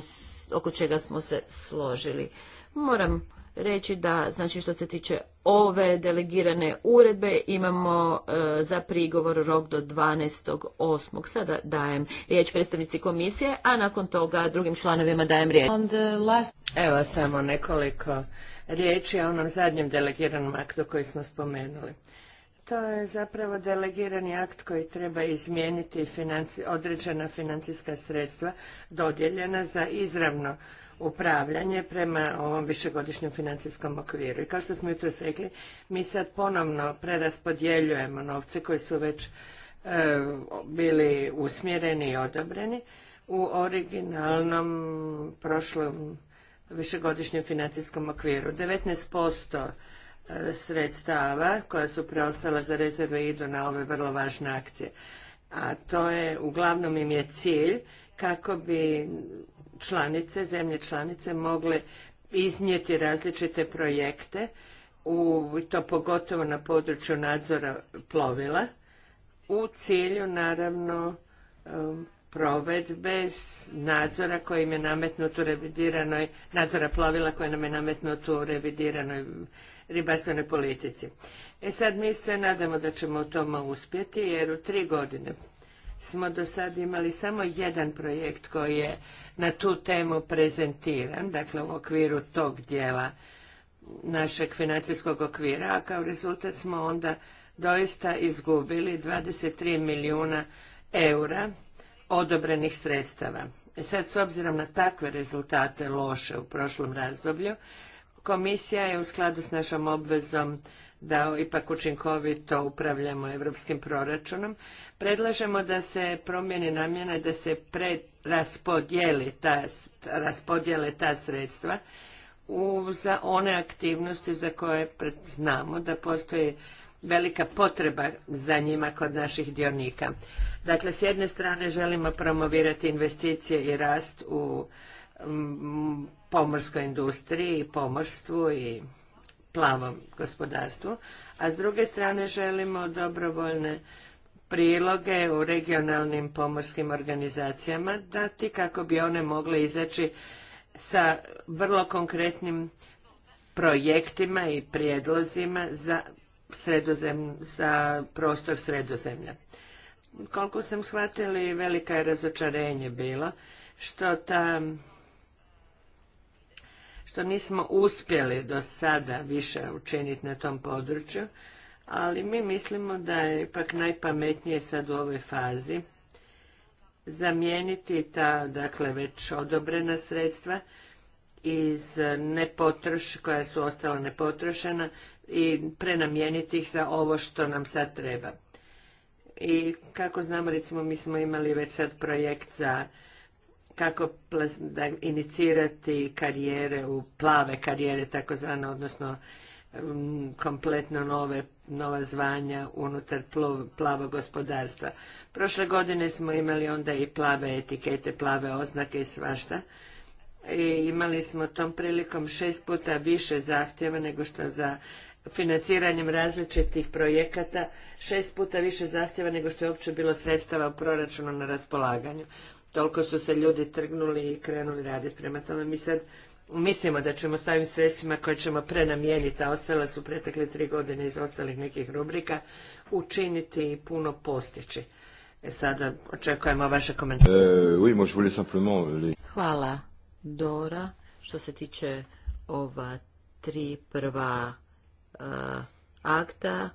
oko čega smo se složili. Moram reći da, znači što se tiče ove delegirane uredbe, imamo e, za prigovor rok do 12.8. Sada dajem riječ predstavnici komisije, a nakon toga drugim članovima dajem riječ. Evo samo nekoliko riječi o onom zadnjem delegiranom aktu koji smo spomenuli. To je zapravo delegirani akt koji treba izmijeniti određena financijska sredstva dodjeljena za izravno upravljanje prema ovom višegodišnjem financijskom okviru. I kao što smo jutros rekli, mi sad ponovno preraspodjeljujemo novce koji su već e, bili usmjereni i odobreni u originalnom prošlom višegodišnjem financijskom okviru. 19% e, sredstava koja su preostala za rezerve idu na ove vrlo važne akcije a to je uglavnom im je cilj kako bi članice, zemlje članice mogle iznijeti različite projekte u, to pogotovo na području nadzora plovila u cilju naravno um, provedbe nadzora koji je nametnut u revidiranoj, nadzora plovila koji nam je nametnuto u revidiranoj ribarstvenoj politici. E sad mi se nadamo da ćemo u tome uspjeti jer u tri godine smo do sad imali samo jedan projekt koji je na tu temu prezentiran, dakle u okviru tog dijela našeg financijskog okvira, a kao rezultat smo onda doista izgubili 23 milijuna eura odobrenih sredstava. e sad, s obzirom na takve rezultate loše u prošlom razdoblju, komisija je u skladu s našom obvezom da ipak učinkovito upravljamo europskim proračunom, predlažemo da se promijeni namjena da se ta, raspodijele ta sredstva za one aktivnosti za koje znamo da postoji velika potreba za njima kod naših dionika. Dakle, s jedne strane želimo promovirati investicije i rast u pomorskoj industriji i pomorstvu i plavom gospodarstvu, a s druge strane želimo dobrovoljne priloge u regionalnim pomorskim organizacijama dati kako bi one mogle izaći sa vrlo konkretnim projektima i prijedlozima za, sredozem, za prostor sredozemlja koliko sam shvatili, velika je razočarenje bilo što ta što nismo uspjeli do sada više učiniti na tom području, ali mi mislimo da je ipak najpametnije sad u ovoj fazi zamijeniti ta, dakle, već odobrena sredstva iz nepotroš, koja su ostala nepotrošena i prenamijeniti ih za ovo što nam sad treba i kako znamo, recimo, mi smo imali već sad projekt za kako da inicirati karijere u plave karijere, takozvane, odnosno mm, kompletno nove, nova zvanja unutar plavog gospodarstva. Prošle godine smo imali onda i plave etikete, plave oznake i svašta. I imali smo tom prilikom šest puta više zahtjeva nego što za financiranjem različitih projekata šest puta više zahtjeva nego što je uopće bilo sredstava u proračunu na raspolaganju. Toliko su se ljudi trgnuli i krenuli raditi. Prema tome mi sad mislimo da ćemo sa ovim sredstvima koje ćemo prenamijeniti, a ostale su pretekle tri godine iz ostalih nekih rubrika, učiniti i puno postići. E sada očekujemo vaše komentare. E, Hvala, Dora. Što se tiče ova tri prva akta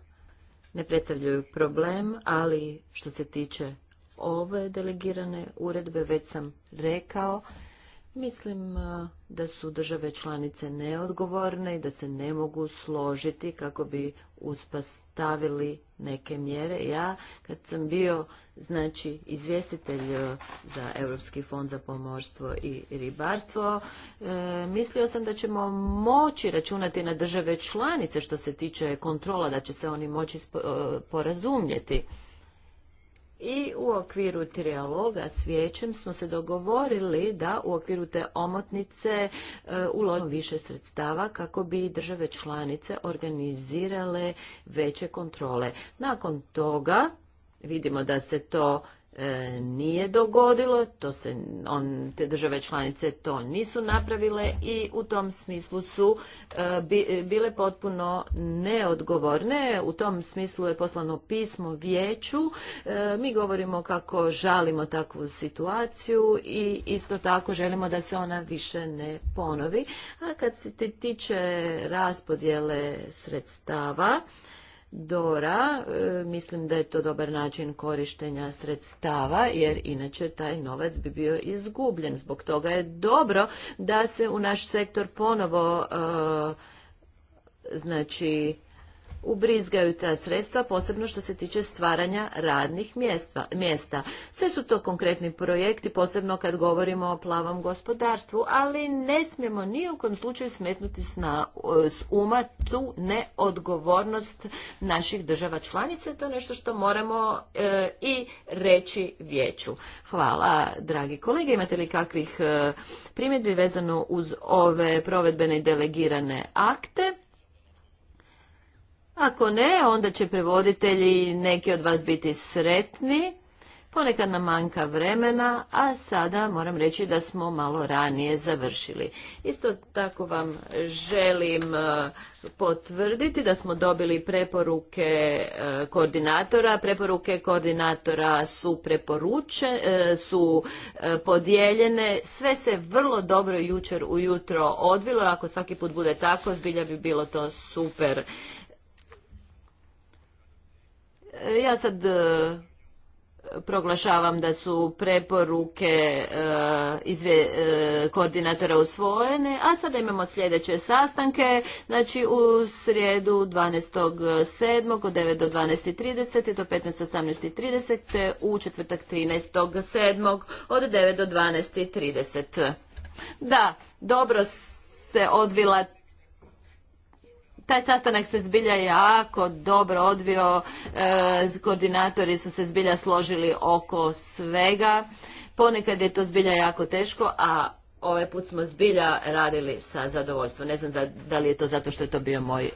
ne predstavljaju problem, ali što se tiče ove delegirane uredbe, već sam rekao Mislim eh, da su države članice neodgovorne i da se ne mogu složiti kako bi uspostavili neke mjere. Ja kad sam bio znači izvjestitelj eh, za Europski fond za pomorstvo i ribarstvo, eh, mislio sam da ćemo moći računati na države članice što se tiče kontrola, da će se oni moći porazumjeti i u okviru trijaloga s vijećem smo se dogovorili da u okviru te omotnice e, uložimo više sredstava kako bi države članice organizirale veće kontrole. Nakon toga vidimo da se to E, nije dogodilo, to se, on, te države članice to nisu napravile i u tom smislu su e, e, bile potpuno neodgovorne. U tom smislu je poslano pismo vijeću. mi govorimo kako žalimo takvu situaciju i isto tako želimo da se ona više ne ponovi. A kad se tiče raspodjele sredstava, Dora, e, mislim da je to dobar način korištenja sredstava, jer inače taj novac bi bio izgubljen. Zbog toga je dobro da se u naš sektor ponovo, e, znači, ubrizgaju ta sredstva, posebno što se tiče stvaranja radnih mjesta, mjesta. Sve su to konkretni projekti, posebno kad govorimo o plavom gospodarstvu, ali ne smijemo ni u kojem slučaju smetnuti s, uma tu neodgovornost naših država članica. To je nešto što moramo e, i reći vijeću. Hvala, dragi kolege. Imate li kakvih e, primjedbi vezano uz ove provedbene i delegirane akte? Ako ne, onda će prevoditelji neki od vas biti sretni. Ponekad nam manjka vremena, a sada moram reći da smo malo ranije završili. Isto tako vam želim e, potvrditi da smo dobili preporuke e, koordinatora. Preporuke koordinatora su preporuče, e, su podijeljene. Sve se vrlo dobro jučer ujutro odvilo. Ako svaki put bude tako, zbilja bi bilo to super. E, ja sad e, proglašavam da su preporuke e, koordinatora usvojene, a sada imamo sljedeće sastanke, znači u srijedu 12.7. od 9 do 12.30 do 15.18.30 u četvrtak 13.7. od 9 do 12.30. Da, dobro se odvila taj sastanak se zbilja jako dobro odvio, e, koordinatori su se zbilja složili oko svega. Ponekad je to zbilja jako teško, a ovaj put smo zbilja radili sa zadovoljstvom. Ne znam da li je to zato što je to bio moj